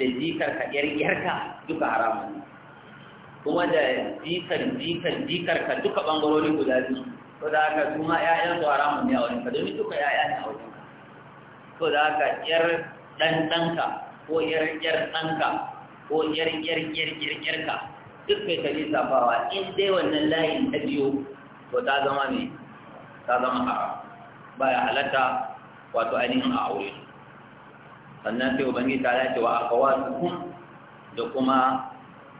da jikar ka ƴar ƴar ka duka haramun kuma da jikar jikar jikar ka duka ɓangarori guda biyu to da haka su ma ƴaƴan su haramun ne a wajen ka domin duka ƴaƴa ne a wajen ka to da haka ƴar ɗan ɗanka ko ƴar ƴar danka ko ƴar ƴar ƴar ƴar ka duk kai ka bisa bawa in dai wannan layin ta biyo to ta zama ne ta zama haram baya halatta wato ainihin a aure sannan sai ubangiji ta lace wa akawatukum da kuma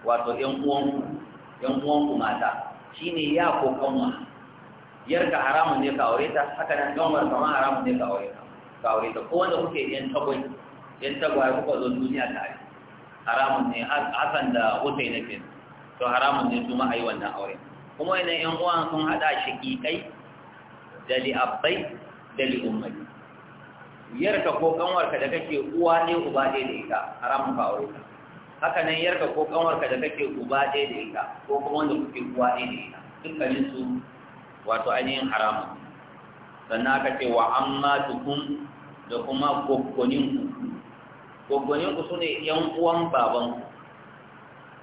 wato yan uwanku yan uwanku mata shine ya ko kanwa yarka haramun ne ka aure ta haka nan kanwar kama haramun ne ka aure ta ka ko wanda kuke yan tagwai yan tagwai kuka zo duniya tare haramun ne hasan da hussein na kenan to haramun ne su ma wannan aure kuma yana yan uwan sun hada shaqiqai da li'abbai da li'ummai yarka ko kanwarka da kake uwa ne uba ne da ita haramun ka aure ta haka nan yarka ko kanwarka da kake uba ɗaya da ita ko kuma wanda kuke uwa ɗaya da ita dukkanin su wato ainihin haramu sannan aka ce wa amma tukun da kuma gogonin ku gogonin ku sune yan uwan baban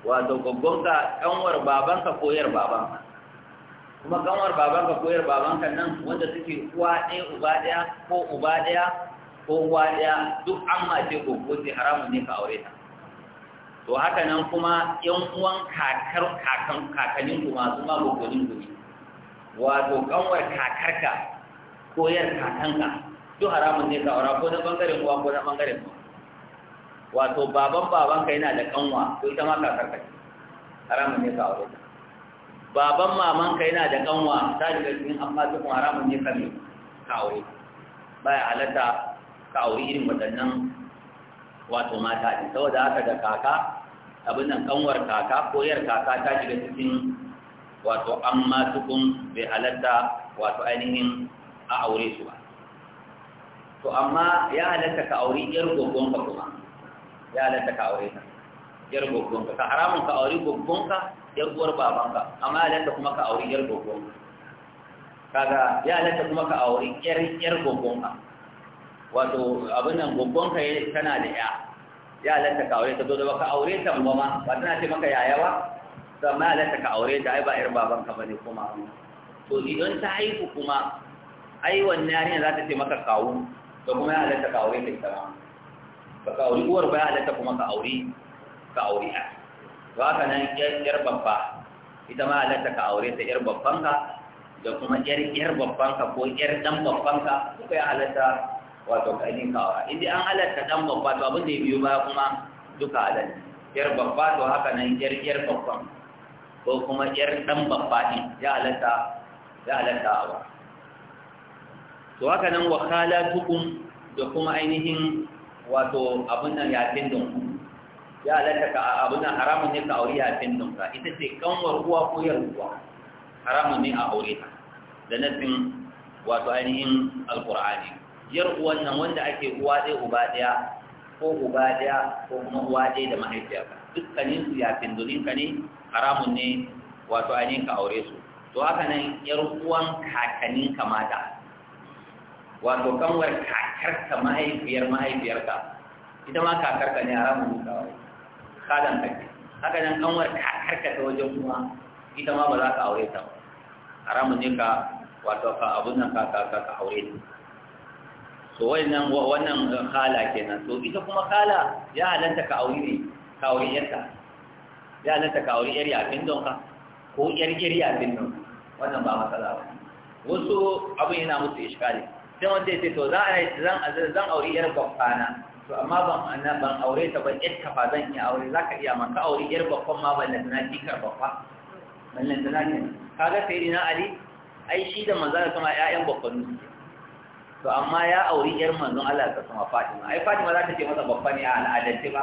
ku wato goggonka kanwar babanka ko yar ka kuma kanwar babanka ko yar babanka nan wanda suke uwa ɗaya uba ɗaya ko uba ɗaya ko uwa ɗaya duk amma ce gogon ce haramun ne ka aure ta to haka nan kuma yan uwan kakar kakan kakanin kuma su ma gogonin ku ne wato kanwar kakarka ko yar kakanka duk haramun ne kawara ko na bangaren uwa ko na bangaren uwa wato baban babanka yana da kanwa to ita ma kakarka ce haramun ne kawara aure baban mamanka yana da kanwa ta daga cikin amma duk haramun ne ka kawai ka aure baya halatta aure irin waɗannan wato mata ne saboda haka da kaka abin nan kanwar kaka ko yar kaka ta shiga cikin wato an tukun bai halatta wato ainihin a aure su ba to amma ya halatta ka aure yar ka kuma ya halatta ka aure ta yar gogonka ka haramun ka aure ka yar uwar babanka amma ya halatta kuma ka aure yar ka kaga ya halatta kuma ka aure yar yar ka wato abin nan gobban kai tana da ya ya halatta ka aure ta dole baka aure ta goma ba tana ce maka yaya ba to ma halatta ka aure ta ai ba irin baban ka bane kuma to idan ta haihu kuma ai wannan yarinya za ta ce maka kawo to kuma ya halatta ka aure ta ita ma baka aure uwar ba ya halatta kuma ka aure ka aure ta to haka nan yar babba ita ma halatta ka aure ta yar babban ka da kuma yar yar babban ka ko yar dan babban ka duka ya halatta wato karnin kawa inda an halatta dan babba to abin da ya biyo ba kuma duka halal yar babba to haka nan yar yar babban ko kuma yar dan babba din ya halatta ya halatta awa to haka nan wa khalatukum da kuma ainihin wato abin nan ya tindon ya halatta ka abin nan haramun ne ka aure ya tindon ka ita ce kanwar uwa ko yar uwa haramun ne a aure ta da nafin wato ainihin alqur'ani yar uwan nan wanda ake uwa ɗaya uba ɗaya ko uba ɗaya ko kuma uwa ɗaya da ba dukkanin su ya findulin ka ne haramun ne wato ainihin ka aure su to haka nan yar uwan kakannin ka mata wato kanwar kakar ka mahaifiyar mahaifiyar ka, ita ma kakar ka ne haramun ne ka aure kadan ka ce haka nan kanwar ka ta wajen kuma ita ma ba za ka aure ta ba haramun ne ka wato ka abun nan ka ka ka aure ta to wannan wannan kala kenan to ita kuma kala ya halanta ka aure ne ka aure yarka ya halanta ka aure yar yafin don ka ko yar yar yafin don wannan ba matsala ba wasu abin yana musu iskali sai wanda ya ce to za a yi zan aure yar babbana to amma ban anna ban aure ta ban yar kafa zan iya aure za ka iya ma ka aure yar babban ma ban lantana jikar babba ban lantana Ka kaga sai na ali ai shi da manzo kuma ƴaƴan babban ne to amma ya auri yar manzon Allah ta sama Fatima ai Fatima za ta ce masa babba ne a al'adance ba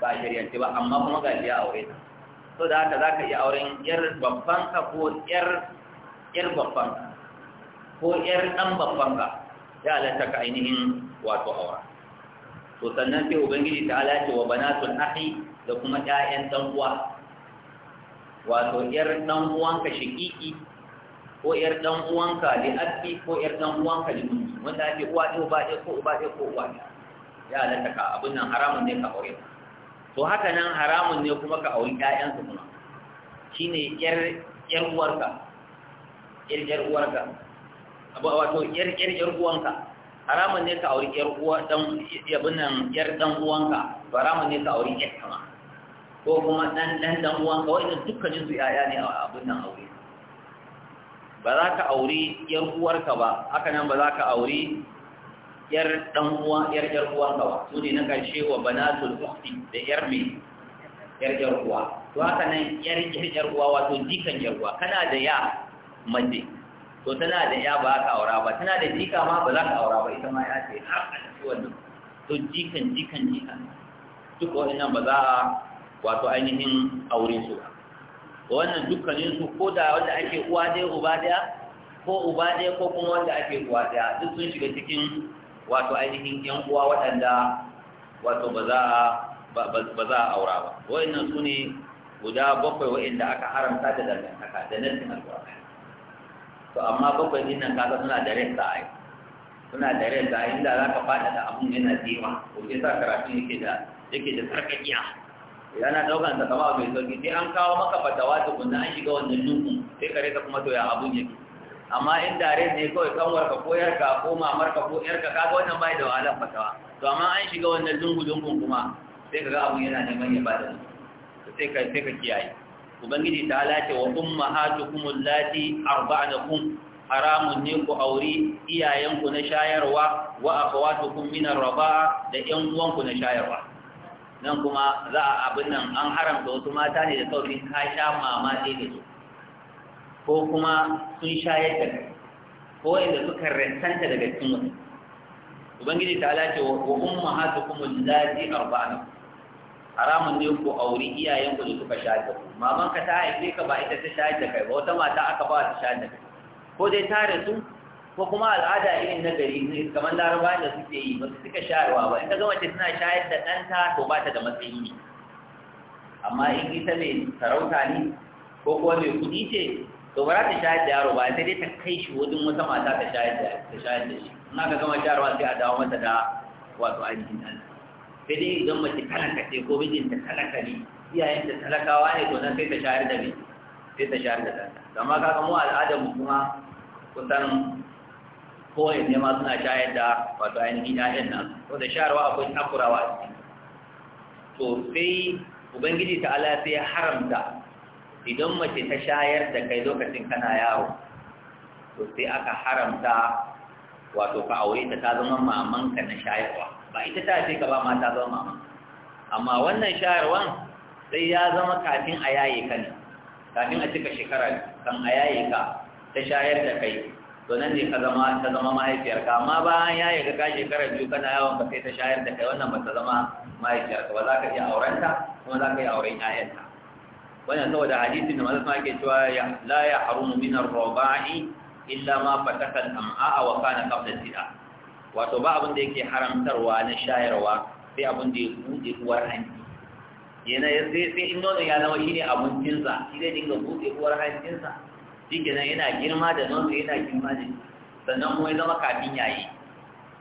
ba a ba amma kuma ga ya aure ta so da haka za ka yi auren yar babban ka ko yar yar babban ka ko yar dan babban ka ya halatta ka ainihin wato aura to sannan sai ubangiji ta halatta wa banatul ahi da kuma ƴaƴan dan uwa wato yar dan uwan ka shakiki ko yar dan uwanka li abbi ko yar dan uwanka li ummi wanda ake uwa ɗaya ba ɗaya ko uba ɗaya ko uwa ɗaya ya halatta ka abin nan haramun ne ka aure to haka nan haramun ne kuma ka auri ƴaƴansu kuma shine yar yar uwarka yar yar uwarka abu wato yar yar yar uwanka haramun ne ka auri yar uwa dan abin nan yar dan uwanka haramun ne ka auri yar kama ko kuma dan dan dan uwanka wa'annan dukkanin su ƴaƴa ne a abin nan aure ba za ka auri yar uwarka ba haka nan ba za ka auri yar dan uwa yar yar uwarka ba su ne na karshe wa banatul ukhti da yar mai yar yar uwa to haka nan yar yar yar uwa wato jikan yar uwa kana da ya mace to tana da ya ba ka aura ba tana da jika ma ba za ka aura ba ita ma ya ce har ka ci wannan to jikan jikan jikan duk wannan ba za a wato ainihin aure su ba wannan dukkanin su ko da wanda ake uwa ɗaya uba ɗaya ko uba ɗaya ko kuma wanda ake uwa ɗaya duk sun shiga cikin wato ainihin yan uwa waɗanda wato ba za a ba za a aura ba wa'annan su ne guda bakwai wa'anda aka haramta da dangantaka da nassin alƙur'ani to amma bakwai din nan kaga suna da rai sa'ai suna da rai sa'ai inda za ka da abun yana jima ko sai sa karatu yake da yake da sarƙaƙiya yana daukan ta kama mai sauki sai an kawo maka fatawa tukunna an shiga wannan dukun sai kare ka kuma to ya abun yake amma in dare ne kawai kanwar ka ko yarka ko mamar ka ko yarka kaga wannan bai da wahalar fatawa to amma an shiga wannan dungu dungun kuma sai kaga abun yana neman ya bada su sai ka sai ka kiyaye ubangiji ta halace wa ummahatukum allati arba'anakum haramun ne ku auri iyayenku na shayarwa wa akhawatukum min arba'a da yan uwanku na shayarwa nan kuma za a abin nan an haramta wasu mata ne da sauƙin ka sha mama da su ko kuma sun shayar da kai ko inda suka rantanta daga cikin mutum ubangiji ta alace wa ma hatu kuma zaji arba'ana haramun ne ku auri iyayen ku da suka sha da ku maman ka ta haife ka ba ita ta sha da kai ba wata mata aka ba ta sha da kai ko dai ta rasu ko kuma al'ada irin na gari kamar laraba da suke yi wasu suka shayarwa ba in ka gama ce suna shayar da ɗanta to ba ta da matsayi ne amma in ita mai sarauta ne ko kuma mai kuɗi ce to ba za ta shayar da yaro ba sai dai ta kai shi wajen wata mata ta shayar da ta shayar da shi in aka gama shayarwa sai a dawo mata da wato ainihin ɗan sai dai idan mace talaka ce ko mijinta talaka ne iyayenta talakawa ne to nan sai ta shayar da mai sai ta shayar da ɗanta amma kaga mu al'adar mu kuma kusan kawai ne ma suna shayar da wato ainihin ya'yan nan ko da shayarwa akwai takurawa a to sai ubangiji ta ala sai ya haramta idan mace ta shayar da kai lokacin kana yawo to sai aka haramta wato ka aure ta ta zama mamanka na shayarwa ba ita ta ce ka ba ma ta zama maman amma wannan shayarwan sai ya zama kafin a yaye ka ne kafin a cika shekara kan a yaye ka ta shayar da kai to nan ne ka zama ta zama mahaifiyarka amma bayan ya yi ka shekara biyu kana yawon ka sai ta shayar da kai wannan ba ta zama mahaifiyarka ba za ka iya aurenta kuma za ka iya auren 'ya'yanta wannan saboda hadisin da mazan ke cewa la ya harumu min ar illa ma fataka al-am'a wa kana qabla sida wato ba abin da yake haramtarwa na shayarwa sai abin da ya buɗe uwar hanji yana sai sai in nono ya zama shine abincinsa shi zai dinga buɗe uwar hancinsa shi kenan yana girma da nono yana girma da sannan kuma ya zama kafin yayi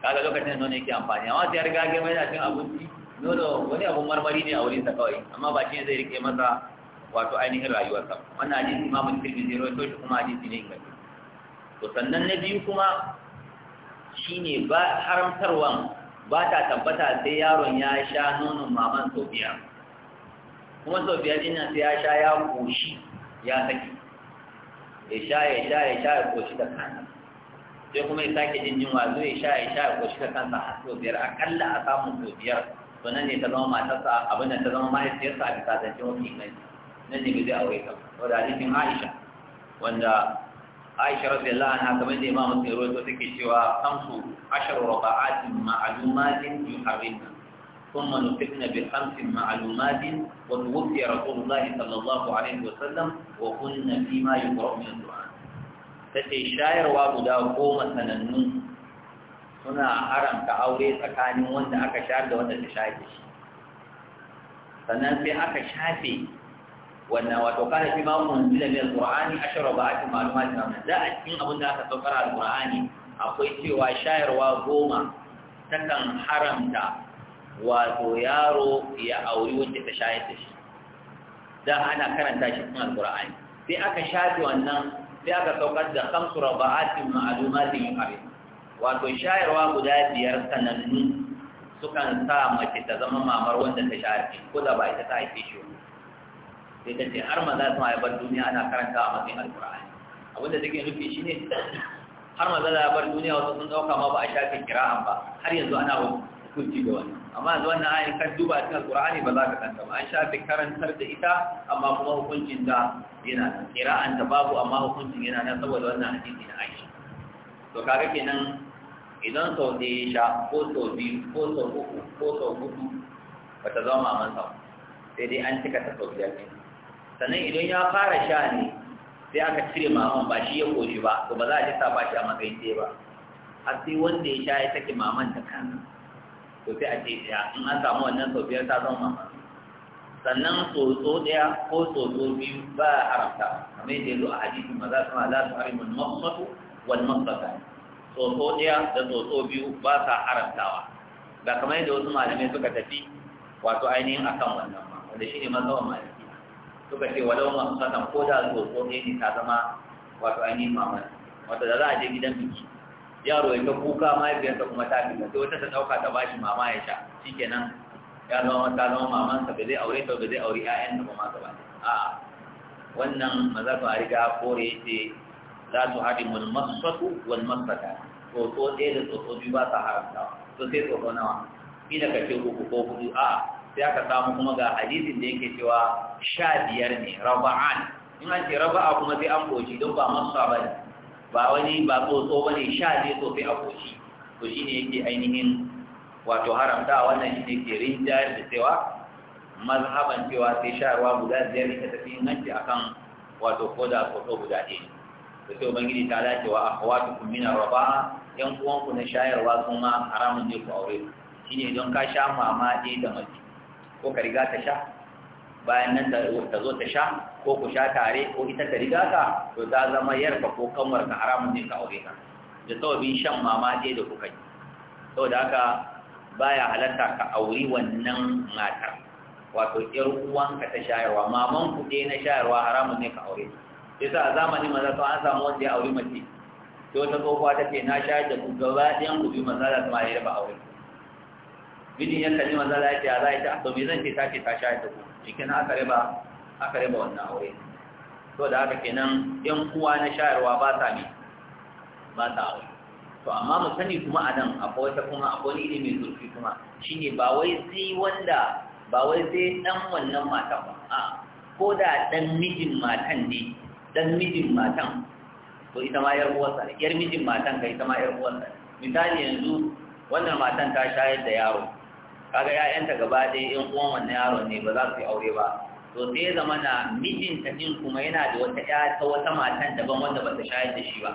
kaga lokacin da nono yake amfani amma sai riga girma yana cin abinci nono wani abun marmari ne a wurin sa kawai amma ba shi ne zai rike masa wato ainihin rayuwarsa wannan hadisi imamu tirmidhi ya rawaito shi kuma hadisi ne ingantacce to sannan na biyu kuma shine ba haramtarwan ba ta tabbata sai yaron ya sha nonon maman sofiya kuma sofiya din nan sai ya sha ya koshi ya saki ya sha ya sha ya sha ya koshi da kansa sai kuma ya sake jin jin wazo ya sha ya sha ya koshi da kansa har sau biyar akalla a samu sau biyar to nan ne ta zama matarsa abin da ta zama mahaifiyarsa a bisa zance mafi inganci nan ne zai aure ta wadda hadisin aisha wanda aisha radiyallahu anha kamar da imamu sai ruwaito take cewa kamsu asharu raba'atin ma'lumatin yuharrimna ثم نفقنا بخمس معلومات ونوفي رسول الله صلى الله عليه وسلم وكنا فيما يقرأ من القرآن تتي شاعر وابدا قوم سننن سنا حرم كأولي سكاني وانت أكا شاعر دو وانت تشاهد سنن في أكا شافي وانا وتقال فيما أنزل من القرآن عشر بآت معلومات رمنا ذا أتكين أبونا أكا تقرأ القرآن أقول شاعر وابوما تكن حرمتا wato yaro ya auri wacce ta shayar da shi dan ana karanta shi cikin alqur'ani sai aka shafe wannan sai aka saukar da kamsu raba'atin ma'alumatin yuqarib wato shayarwa guda biyar sanannu sukan sa mace ta zama mamar wanda ta shayar ko da ba ita ta haife shi sai ta ce har maza su haifar duniya ana karanta a matsayin alqur'ani abinda take nufi shine har maza da bar duniya wasu sun dauka ma ba a shafe kira'an ba har yanzu ana hukunta hukunci da wani. amma yanzu wannan ayin kan duba cikin alkur'ani ba za ka kanta ba an shafe karantar da ita amma kuma hukuncin ta yana kira'an ta babu amma hukuncin yana nan saboda wannan hadisi na Aisha to kaga kenan idan sau da ya sha ko sau biyu ko sau uku ko sau hudu ba ta zama man sau sai dai an cika ta sau biyar sannan idan ya fara sha ne sai aka cire maman ba shi ya koshi ba to ba za a ji sa ba shi a matsayin ba har sai wanda ya sha ya sake maman da kansa to sai a ce ɗaya in an samu wannan sau biyar ta zama sannan tsotso ɗaya ko tsotso biyu ba a haramta kamar yadda yanzu a hadisi maza ma za su mun mafsatu wani mafsata tsotso ɗaya da tsotso biyu ba sa haramtawa ga kamar yadda wasu malamai suka tafi wato ainihin akan wannan ma wanda shi ne mazawa malami suka ce walau mafsatan ko da tsotso ɗaya ne ta zama wato ainihin mamaki wato da za a je gidan biki yaro ya ta kuka mahaifiyarsa kuma ta fita sai wata ta dauka ta bashi mama ya sha shikenan ya zama ta zama mamansa ba zai aure ta ba zai aure ƴaƴan ta ba ma gaba a'a wannan maza ka riga kore yace su tu mun masfatu wal masfata tsotso ɗaya da tsotso biyu ba sa haramtawa to sai tsotso nawa ina ka ce uku ko hudu a'a sai aka samu kuma ga hadisin da yake cewa sha biyar ne raba'an in an ce raba'a kuma sai an koci don ba masu ba ne ba wani ba tsotso ba ne sha ne sosai a koshi to shi ne yake ainihin wato haramta wannan shi ne ke rinjayar da cewa mazhaban cewa sai shayarwa guda biyar ita tafi inganci akan wato ko da tsotso guda ɗaya to sai ubangiji ta dace wa akhawatu kum min raba yan uwanku na shayarwa sun ma haramun ne ku aure shine don ka sha mama ɗaya da mace ko ka riga ta sha bayan nan ta zo ta sha ko ku sha tare ko ita ta riga ka to ta zama yarka ko kanwar ka haramun ne ka aure ta da sababin shan mama ɗaya da kuka yi saboda haka baya halatta ka auri wannan matar wato ƴar ka ta shayarwa maman ku ɗaya na shayarwa haramun ne ka aure ka sai sa a zamanin maza to an samu wanda ya auri mace to ta tsohuwa ta ce na shayar da ku gaba ɗayan ku bi maza da kuma ya raba aure mijin ya kalli maza ya ce a za a ta to me zan ce ta ce ta shayar da ku shi kina aka ba. aka raba wannan aure to da haka kenan yan uwa na shayarwa ba ta ne ba ta aure to amma mu sani kuma a nan akwai wata kuma akwai wani ilimi zurfi kuma shine ba wai sai wanda ba wai sai dan wannan matan ba a ko da dan mijin matan ne dan mijin matan to ita ma yar uwarsa ne yar mijin matan ka ita ma yar uwarsa ne misali yanzu wannan matan ta shayar da yaro kaga 'ya'yanta gaba ɗaya in uwan wannan yaron ne ba za su yi aure ba to sai ya zama na mijinta din kuma yana da wata ya ta wata matan daban wanda ba ta shayar da shi ba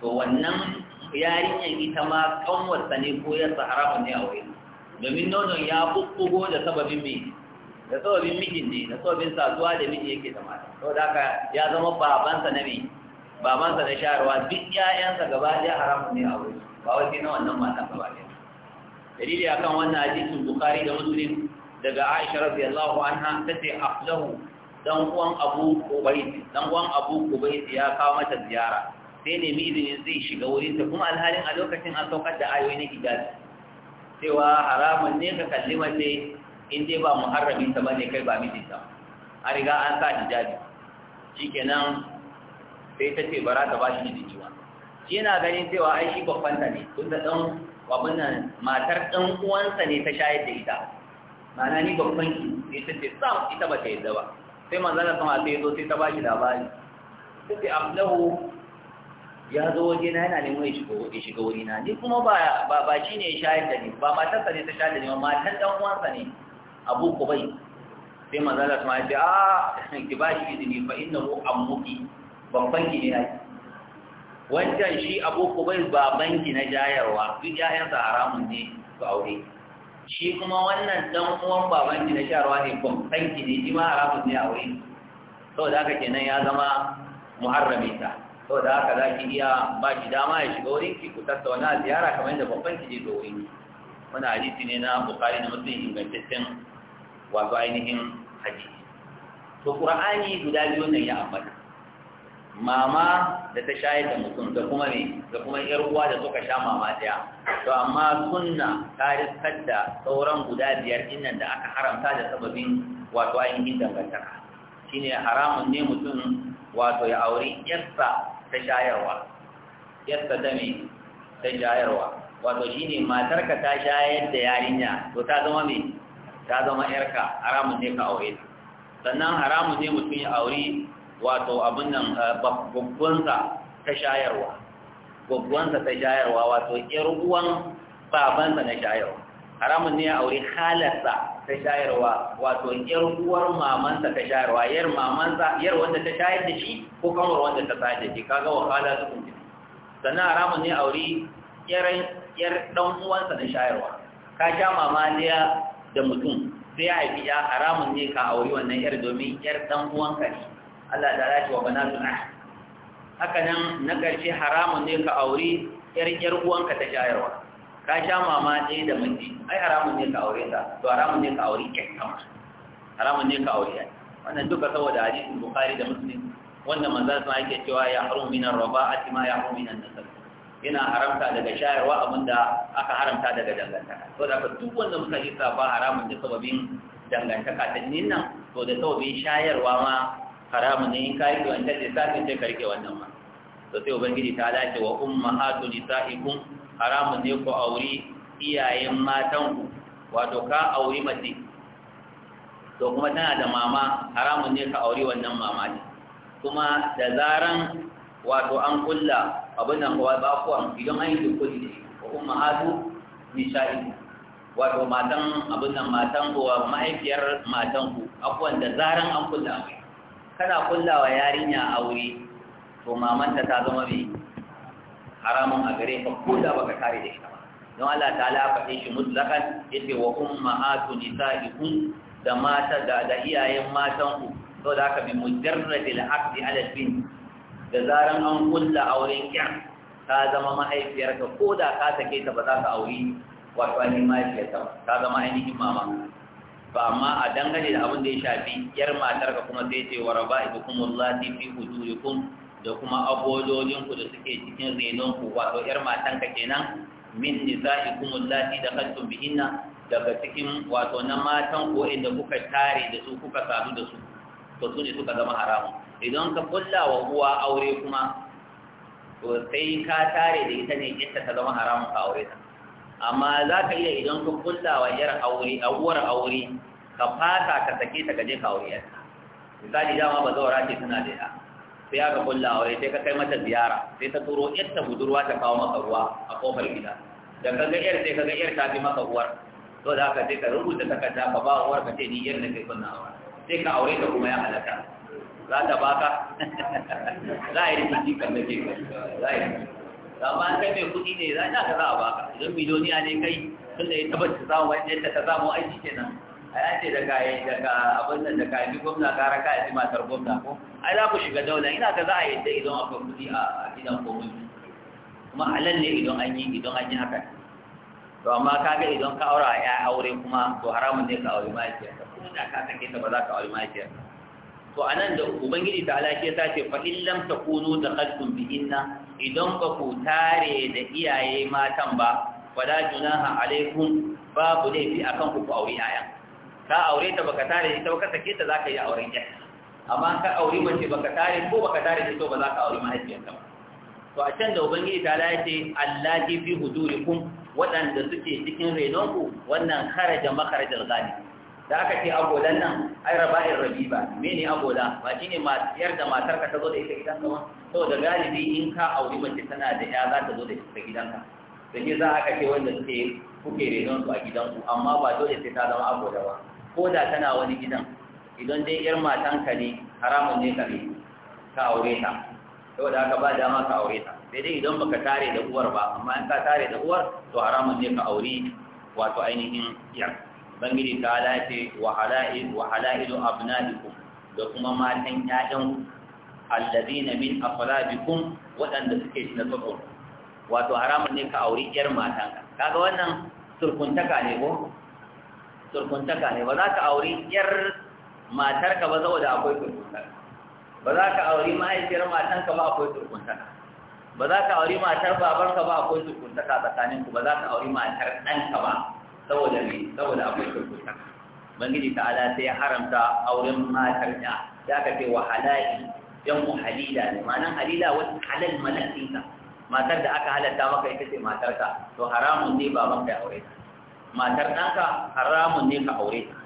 to wannan yarinyar ita ma kanwarsa ne ko ya sahara ne a wurin domin nonon ya bubbugo da sababin mai da sababin mijin ne da sababin sasuwa da miji yake da mata da haka ya zama babansa na mai babansa na shayarwa duk ƴaƴansa gaba ɗaya haramun ne a wurin ba wai na wannan mata ba ba. dalili akan wannan hadisin bukhari da muslim daga Aisha radiyallahu anha tace aflahu dan uwan Abu Ubayd dan uwan Abu Ubayd ya kawo mata ziyara sai ne mi izinin zai shiga wurin ta kuma alhalin a lokacin an saukar da ayoyi na hijabi cewa haramun ne ka kalli mace in dai ba harami ta bane kai ba ta. a riga an sa hijabi shikenan sai ta ce bara ta bashi mijinci ciwa shi yana ganin cewa ai shi babban ta ne tun da dan wabin matar dan uwansa ne ta shayar da ita ma'ana ni babban ki sai ta ce sam ita ba ta yadda ba sai manzala sama ya zo sai ta ba shi labari ta ce ya zo waje na yana neman ya shiga wuri na ni kuma ba ba ba ne ya shayar da ni ba matarsa ne ta shayar da ni ba matan dan uwansa ne Abu bai sai manzo Allah ya ce a ah, ki ba shi izini fa hu ammuki babban ki ne ai wancan shi Abu bai baban ki na jayarwa duk yayansa haramun ne su aure shi kuma wannan dan uwan baban ki na sharwa ne gwamnan ki ne jima ma haramun ne a wuri saboda haka kenan ya zama muharrami ta saboda haka za ki iya ba shi dama ya shiga wurin ki ku tattauna a ziyara kamar yadda babban ki je ga wurin wani hadisi ne na bukari na mutum ingantaccen wato ainihin hadisi to qur'ani guda biyu nan ya ambata mama da ta shayar da mutum da kuma ne da kuma yar uwa da suka sha mama daya to amma sunna ta riskar da sauran guda biyar dinnan da aka haramta da sababin wato ainihin dangantaka shine haramun ne mutum wato ya auri yarsa ta shayarwa yarsa ta me ta shayarwa wato shine matar ka ta shayar da yarinya to ta zama me ta zama yarka haramun ne ka aure sannan haramun ne mutum ya aure wato abin nan eh, babbansa ta shayarwa babbansa ta shayarwa wato ƴar uwan babansa na shayarwa haramun ne a auri halarsa ta shayarwa wato ƴar uwar mamansa ta shayarwa yar mamansa yar wanda ta shayar da shi ko kamar wanda ta shayar da shi kaga wa kala su kunji sannan haramun ne a auri ƴar ƴar uwansa na shayarwa ka sha mamaliya da mutum sai ya haifi ya haramun ne ka auri wannan yar domin yar dan uwanka ne Allah da rashi wa banatul ah haka nan na ƙarshe haramun ne ka aure yar yar uwanka ta shayarwa ka sha mama ɗaya da miji ai haramun ne ka aure ta to haramun ne ka aure kyakkyawa haramun ne ka aure ya wannan duka saboda hadisin bukhari da muslim wanda manzon sai yake cewa ya harum min ar-raba'ati ma ya harum min an-nasab yana haramta daga shayarwa abinda aka haramta daga dangantaka to da duk wanda muka yi ba haramun ne sababin dangantaka ta nan to da sababin shayarwa ma haramun ne in kai to an ta lissafin sai karke wannan ma to sai ubangiji ta dace wa ummahatu nisaikum haramun ne ku auri iyayen matanku wato ka auri mace to kuma tana da mama haramun ne ka auri wannan mama ne kuma da zaran wato an kulla abin nan kawai ba kuwa idan an yi dukkan ne ko umma hatu nishaɗi wato matan abin nan matan kuwa mahaifiyar matan ku abuwan da zaran an kulla mai kana wa yarinya aure to mamanta ta zama mai haramun a gare ka ko da baka kare da ita ba don Allah ta ya faɗe shi mutlakan yace wa ummahatu nisa'ikum da mata da da iyayen matan ku to da ka bi mujarradil aqdi ala bin da zaran an kulla auren kyan ta zama mahaifiyarka ko da ka take ta ba za ka aure wato mahaifiyar mahaifiyarta ta zama ainihin mamanka to amma a dangane da abin da ya shafi yar matar ka kuma sai ce ibi kuma lati fi hujurikum da kuma abojojin ku da suke cikin renon ku wato yar matan ka kenan min kuma nisa'ikum da dakhaltum bihinna daga cikin wato na matan ko inda kuka tare da su kuka sadu da su to su ne suka zama haramu idan ka kulla wa uwa aure kuma to sai ka tare da ita ne ita ta zama haramun ka aure ta amma za ka iya idan kun kulla wa yar aure a aure ka fata ka sake ta gaje ka aure yarka misali dama ba zaura ce tana da ya sai aka kulla aure sai ka kai mata ziyara sai ta turo yar ta budurwa ta kawo maka ruwa a kofar gida da ka ga yar sai ka ga yar ta fi maka uwar to da ka sai ka rubuta takarda ka ba uwar ka ce ni yar na kai kunna aure sai ka aure ta kuma ya halaka za ta baka za a yi rikici kan da ke za a yi rikici amma an kai mai kudi ne za ka za a baka idan miliyoniya ne kai tun da ya tabbata mu wani yadda ka mu aiki kenan a yace ce daga abin nan da yi gwamna raka ka yi matar gwamna ko ai za ku shiga daula ina ka za a yadda idan aka kudi a gidan komai kuma halal ne idan an yi idan an yi haka to amma kaga idan ka aura ya aure kuma to haramun ne ka aure mahaifiyarka kuma da ka sake ta ba za ka aure mahaifiyarka to anan da ubangiji ta alaƙe ta ce fa illam takunu bi inna idan ba ku tare da iyaye matan ba fala junaha alaikum babu laifi akan ku ku aure yayan. ka aure ta baka tare da ita ba ka sake ta zaka yi auren ya amma ka aure mace baka tare ko baka tare da ita ba za ka aure mahaifiyarka ba to a can da ubangiji ta alaƙe allati fi hudurikum waɗanda suke cikin renonku wannan kharaja makharajal ghalib da aka ce agodan nan ai raba'in rabiba mene agoda ba shine matiyar da matar ka ta zo da ita gidanka ba saboda galibi in ka auri mace tana da ya za ta zo da ita gidanka da ke za aka ce wanda suke kuke renon su a gidanku amma ba dole sai ta zama agoda ba ko da tana wani gidan idan dai yar ka ne haramun ne ka ne ka aure ta saboda haka ba dama ka aure ta sai dai idan baka tare da uwar ba amma in ka tare da uwar to haramun ne ka aure wato ainihin yar bangiji ta halace wa hala'il wa hala'ilu abnaikum da kuma matan ƴaƴan allazina min afrabikum waɗanda suke na tsakon wato haramun ne ka auri ƴar matanka kaga wannan surkuntaka ne ko surkuntaka ne ba za ka auri ƴar matarka ba saboda akwai surkuntaka ba za ka auri mahaifiyar matanka ba akwai surkuntaka ba za ka auri matar babarka ba akwai surkuntaka tsakaninku ba za ka auri matar ɗanka ba saboda me saboda akwai kurkuta bangiji ta ala sai ya haramta auren matar da ya ka ce wa halali yan mu halila ne ma'anan halila wata halal malakinta matar da aka halatta maka ita ce matarka to haramun ne baban ka aure ta matar ɗanka haramun ne ka aure ta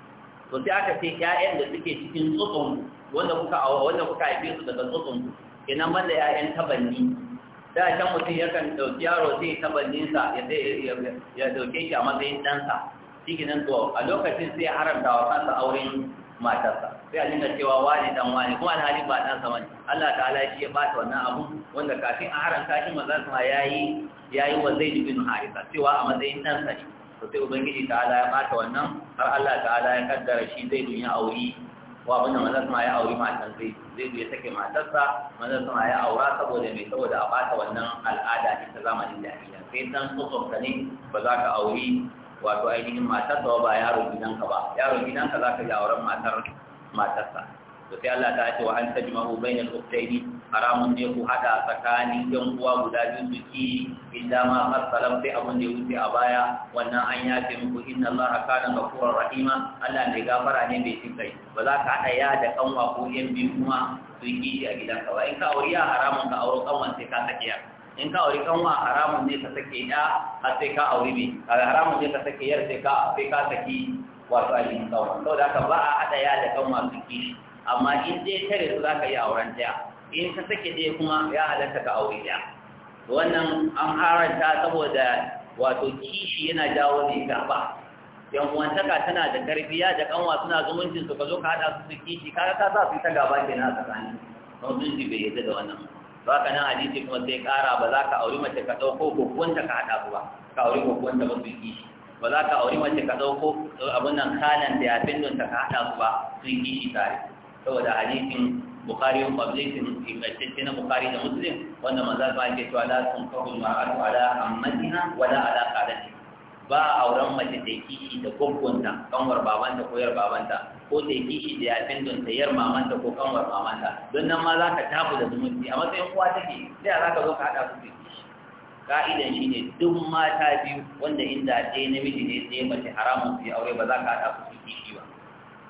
to sai aka ce ƴaƴan da suke cikin tsotson wanda kuka haife su daga tsotson kenan banda ƴaƴan tabanni da can mutum yakan ɗauki yaro zai tabanninsa ya dauke shi a matsayin ɗansa shi nan to a lokacin sai haramta wa kansa auren matarsa sai a dinga cewa wani dan wani kuma alhali ba dan sa ne. Allah ta'ala shi ya bata wannan abu wanda kafin a haranta shi mazan sa yayi yayi wa Zaid bin harisa cewa a matsayin dan sa ne to sai ubangiji ta'ala ya bata wannan har Allah ta'ala ya kaddara shi zai dunya auri wa abin da manzon sama ya auri matan zai zai zai take matarsa manzon sama ya aura saboda mai saboda a bata wannan al'ada ta zamanin da ake sai dan tsotsonka ne ba za ka auri wato ainihin matarsa ba yaro gidanka ba yaro gidanka za ka yi auren matar matarsa to sai Allah ta ce wa an tajma'u bainal ukhtaini haramun ne ku hada tsakanin yan uwa guda biyu su ki illa ma qasalam sai abun da ya wuce a baya wannan an yafe muku inna Allah kana ghafurur rahima Allah ne gafara ne mai jin kai ba za ka hada ya da kanwa ko yan biyu kuma su ki a ka ba in ka auri ya haramun ka auro kanwan sai ka sake ya in ka auri kanwa haramun ne ka sake ya har sai ka aure bi haramun ne ka sake yar sai ka sai ka saki wato ainihin kanwa saboda haka ba a hada ya da kanwa su kishi amma in dai tare su ka yi auren ta in ka sake dai kuma ya halatta ka aure ta wannan an haranta saboda wato kishi yana jawo ne gaba yan uwantaka tana da tarbiya da kanwa suna zumuncin su ka zo ka hada su su kishi ka ka sa su ta gaba ke a tsakani don sun ji bai yadda da wannan ba ka nan hadisi kuma sai kara ba za ka auri mace ka ɗauko kokuwanta ka haɗa ba ka auri kokuwanta ba su kishi ba za ka auri mace ka dauko abin nan kanan da ya don ta ka haɗa su ba su kishi tare saboda hadisin bukhari wa qablisin ingantacce na bukari da muslim wanda maza ba sun cewa la a matina ala a wala da qadati ba a auren mace da kishi da gungunta kanwar babanta ko yar babanta ko da kishi da yafin don ta yar mamanta ko kanwar mamanta don nan ma za ka tafi da zumunci a matsayin uwa take sai za ka zo ka haɗa su da kishi ka'idan shi ne duk mata biyu wanda inda ɗaya namiji ne ɗaya mace haramun su yi aure ba za ka haɗa su kishi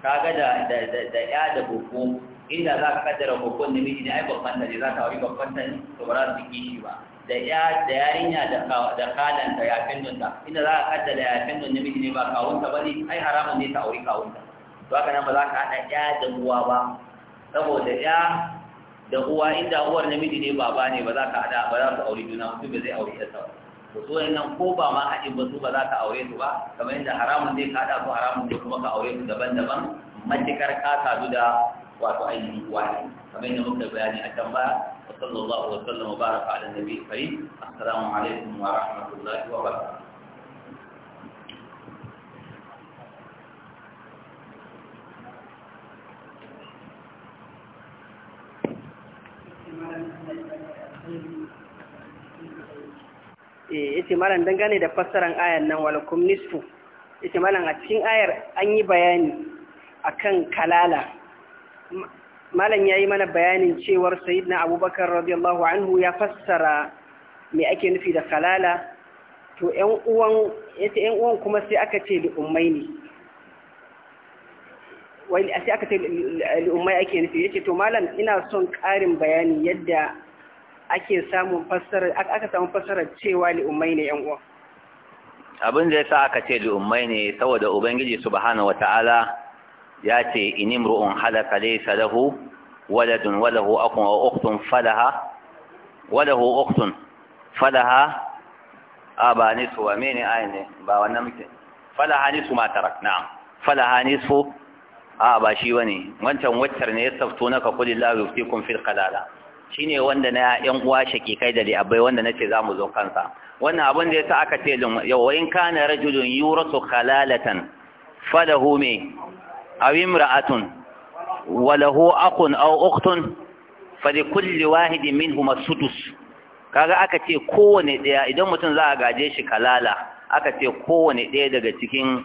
kaga da da da ya da buku inda za ka kaddara bokon da miji ne ai babban da ne za ta wuri babban ta ne to ba za su ki shi ba da ya da yarinya da da da ya findunta inda za ka kaddara ya findun da miji ne ba kawunta ba ne ai haramun ne ta auri kawunta to haka nan ba za ka haɗa ya da uwa ba saboda ya da uwa inda uwar namiji ne baba ne ba za ka hada ba za su auri juna mutum ba zai auri yarsa ba to so ko ba ma haɗin ba su ba za ka aure su ba kamar yadda haramun zai ka haɗa su haramun ne kuma ka aure su daban-daban matukar ka sadu da wato ainihin wani kamar yadda muka bayani a can baya wa sallallahu wa sallam wa baraka ala nabi karim assalamu alaikum wa rahmatullahi wa barakatuh eh yace malam dangane da fassarar ayar nan walakum nisfu yace malam a cikin ayar an yi bayani akan kalala malam yayi mana bayanin cewar sayyidina abubakar radiyallahu anhu ya fassara me ake nufi da kalala to ƴan uwan yace ƴan uwan kuma sai aka ce da ummai ne wai sai aka ce da ummai ake nufi yace to malam ina son ƙarin bayani yadda ake samun fassara aka samu fassara cewa ummai ne yan uwa abin da yasa aka ce ummai ne saboda ubangiji subhanahu wataala ya ce inimru'un halaka laysa lahu waladun lahu akhun wa ukhtun falaha lahu ukhtun falaha aba nisu wa mene ayin ne ba wannan muke falaha su ma tarak na'am falaha su. a ba shi wani wancan waccar ne ya tsafto naka kulillahu yuftikum fil qalala Shi ne wanda na yan uwa kai da abai wanda na ce za mu zo kansa wannan abin da ya sa aka ce yau in kana rajulun yurasu khalalatan falahu me wala imra'atun akun a akhun aw kulle wahidi min minhum as-sudus kaga aka ce kowane ɗaya idan mutum za a gaje shi kalala aka ce kowane ɗaya daga cikin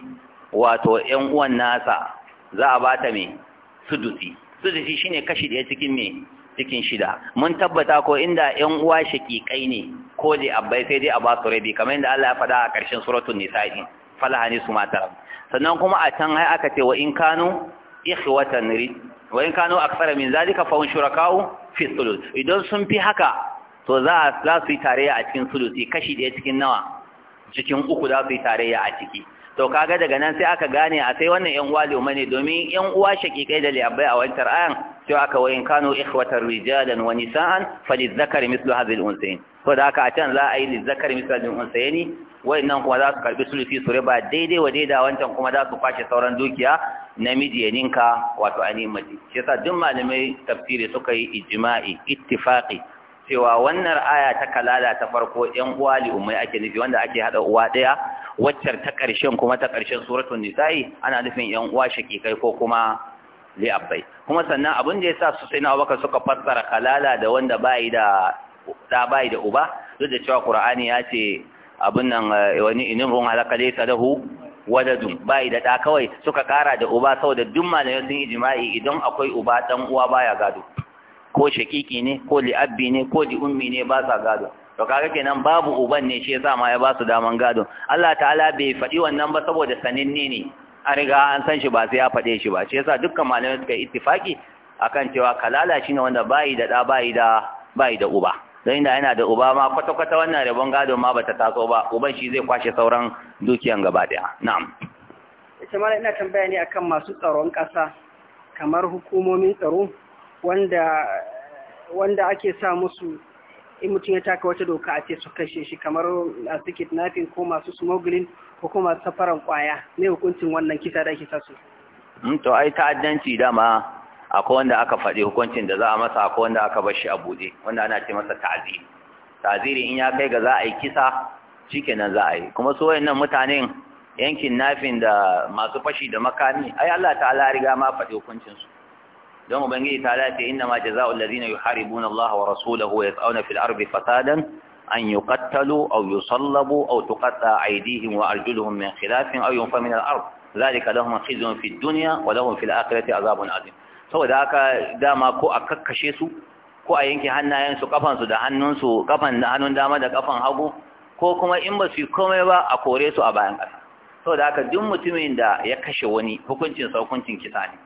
wato 'yan uwan nasa za a bata me sudusi shi ne kashi ɗaya cikin me cikin shida mun tabbata ko inda ƴan uwa shakikai ne ko dai abbai sai dai a basu rabi kamar inda Allah ya faɗa a ƙarshen suratul nisa'i falaha ne su mata sannan kuma a can ai aka ce wa in kanu ikhwatan ri wa in kanu min zalika fa hum shuraka'u fi thuluth idan sun fi haka to za za su yi tarayya a cikin thuluthi kashi ɗaya cikin nawa cikin uku za su yi tarayya a ciki to kaga daga nan sai aka gane a sai wannan ƴan uwa ne domin ƴan uwa shakikai da liyabai a wancan ayan cewa aka wayin kano ikhwatar rijalan wa nisa'an falizzakari mislu hadhihi al-unsayn to da haka a can za a yi lizzakari mislu hadhihi al-unsayni wayannan kuma za su karbi sulufi su riba daidai wa daida wancan kuma za su kwashe sauran dukiya namiji ya ninka wato ainihin mace shi yasa duk malamai tafsiri suka yi ijma'i ittifaqi cewa wannan aya ta kalala ta farko yan uwa li ummai ake nufi wanda ake hada uwa ɗaya, waccar ta karshen kuma ta karshen suratul nisa'i ana nufin yan uwa shakikai ko kuma li'abbai kuma sannan abin da ya sa su sai na suka fassara kalala da wanda bayi da da bayi da uba duk da cewa qur'ani ya ce abin nan eh, wani inin ruwan halaka ta dahu wadadu bai da da kawai suka kara da uba saboda duk malamai sun ijma'i idan akwai uba dan uwa baya gado ko shakiki ne ko li'abbi ne ko li'ummi ne ba sa gado to kaga kenan babu uban ne shi yasa ma ya ba su daman gado Allah ta'ala bai faɗi wannan ba saboda sananne ne an riga an san shi ba sai ya faɗe shi ba shi yasa dukkan malamai suka ittifaki akan cewa kalala shine wanda bayi da da bayi da bayi da uba don inda yana da uba ma kwata kwata wannan rabon gado ma bata taso ba uban shi zai kwashe sauran dukiyan gaba daya na'am ita ma ina tambaya ne akan masu tsaron kasa kamar hukumomin tsaro wanda wanda ake sa musu in mutum ya taka wata doka a ce su kashe shi kamar a nafin ko masu smuggling ko kuma safaran kwaya ne hukuncin wannan kisa da ake sasu? Hmm, to ai ta'addanci dama akwai wanda aka faɗi hukuncin da za a masa akwai wanda aka bashi a buɗe wanda ana ce masa ta'ziri ta'ziri in ya kai ga za a yi kisa na za a yi kuma su wayannan mutanen yankin nafin da masu fashi da makami ai Allah ta'ala riga ma faɗi hukuncin su don ubangiji ta lafiya inna ma jaza'ul ladina yuharibuna Allah wa rasulahu wa yas'una fil ardi fasadan an yuqattalu aw yusallabu aw tuqatta aydihim wa arjuluhum min khilafin aw yunfa min al-ard zalika lahum khizyun fi dunya wa lahum fil akhirati azabun azim saboda haka dama ko a kakkashe su ko a yanke hannayensu kafansu da hannun dama da kafan hagu ko kuma in ba su yi komai ba a kore su a bayan ƙasa saboda haka duk mutumin da ya kashe wani hukuncin hukuncin kisa ne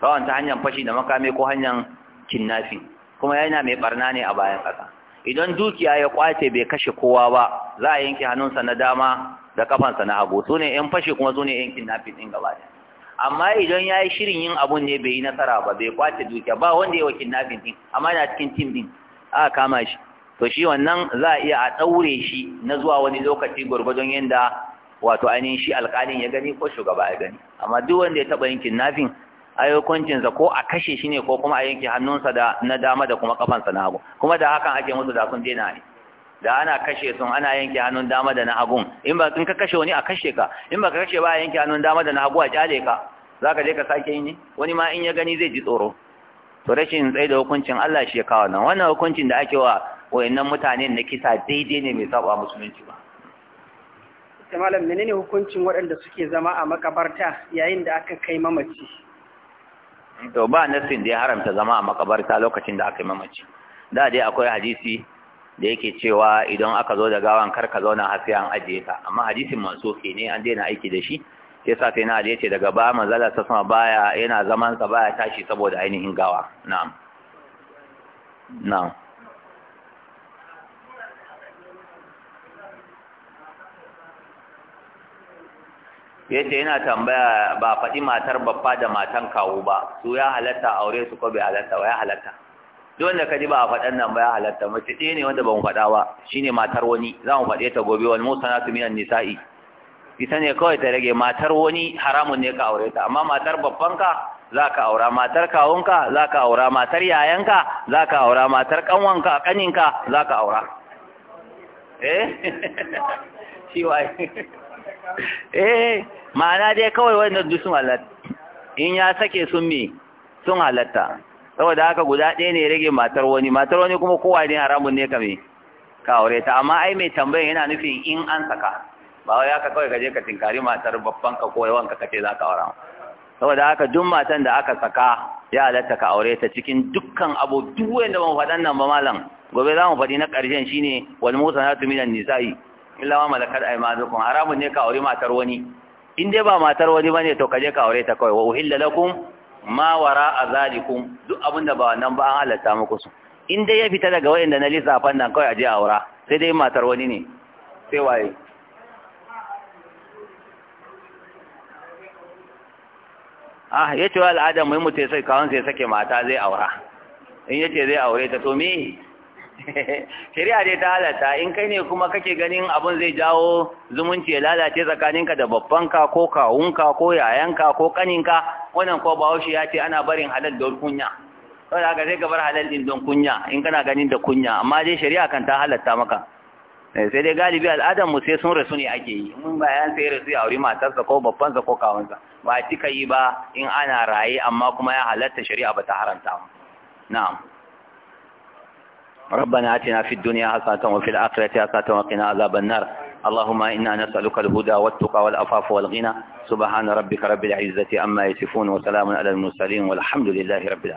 Kawan ta hanyar fashi da makami ko hanyar kinnafi kuma yana mai barna ne a bayan ƙasa idan dukiya ya kwace bai kashe kowa ba za a yanke hannunsa na dama da kafansa na hagu su ne yan fashe kuma su ne yan kidnapping din gaba ɗaya amma idan ya yi shirin yin abun ne bai yi nasara ba bai kwace dukiya ba wanda ya wa kidnapping din amma yana cikin tim din aka kama shi to shi wannan za a iya a ɗaure shi na zuwa wani lokaci gwargwadon yadda wato ainihin shi alƙalin ya gani ko shugaba ya gani amma duk wanda ya taɓa yin kidnapping ai hukuncinsa ko a kashe shi ne ko kuma a yanke hannunsa da na dama da kuma kafansa na hagu kuma da hakan ake musu da sun daina ne da ana kashe sun ana yanke hannun dama da na hagun in ba in ka kashe wani a kashe ka in ba ka kashe ba a yanke hannun dama da na hagu a kyale ka za ka je ka sake yi ne wani ma in ya gani zai ji tsoro to rashin tsaye da hukuncin Allah shi ya kawo nan wannan hukuncin da ake wa wayannan mutane na kisa daidai ne mai saba musulunci ba malam menene hukuncin waɗanda suke zama a makabarta yayin da aka kai mamaci to ba nassin da ya haramta zama a makabarta lokacin da aka yi mamaci da dai akwai hadisi da yake cewa idan aka zo da gawan kar ka zauna har sai an ajiye ta amma hadisin masu ke ne an daina aiki da shi sai sa sai na da yace daga ba manzala ta sama baya yana zaman sa baya tashi saboda ainihin gawa na'am na'am ya ce yana tambaya ba faɗi matar babba da matan kawo ba su ya halatta aure su ko bai halatta ba ya halatta don da ka ji ba a faɗan nan ba ya halatta mace ɗaya ne wanda ba mu faɗa ba shine matar wani za mu faɗe ta gobe wani musana su minan nisa'i ita ne kawai ta rage matar wani haramun ne ka aure ta amma matar babban ka za ka aura matar kawunka za ka aura matar yayanka za ka aura matar kanwanka ka za ka aura eh shi eh ma'ana dai kawai wannan duk sun halatta in ya sake sun me sun halatta saboda haka guda ɗaya ne rage matar wani matar wani kuma kowa ne haramun ne kame ka aure ta amma ai mai tambayan yana nufin in an saka ba wai haka kawai je ka tinkari matar babban ka ko yawan ka kace za ka aura saboda haka duk matan da aka saka ya halatta ka aure ta cikin dukkan abu duk wanda ban faɗan nan ba malam gobe za mu faɗi na ƙarshen shine wal musanatu minan nisa'i illa ma malakat aymanukum haramun ne ka aure matar wani in dai ba matar wani bane to kaje ka aure ta kawai wa uhilla lakum ma wara azalikum duk abinda ba wannan ba an halatta muku su in dai ya fita daga da na lissafan nan kawai aje aura sai dai matar wani ne sai waye ah yace wal adam mai mutai sai kawon sai sake mata zai aura in yace zai aure ta to me shari'a dai ta halatta in kai ne kuma kake ganin abin zai jawo zumunci ya lalace tsakaninka da babbanka ko kawunka ko yayanka ko kaninka wannan ko bahaushe ya ce ana barin halal don kunya saboda haka sai ka bar halal din don kunya in kana ganin da kunya amma dai shari'a kan ta halatta maka eh, sai dai galibi al'adar mu sai sun rasu ne ake yi mun bayan sai rasu ya auri matarsa ko babbansa ko kawunsa ba cika yi ba in ana raye amma kuma ya halatta shari'a ba ta haramta na'am ربنا آتنا في الدنيا حسنة وفي الآخرة حسنة وقنا عذاب النار اللهم إنا نسألك الهدى والتقى والأفاف والغنى سبحان ربك رب العزة أما يصفون وسلام على المرسلين والحمد لله رب العالمين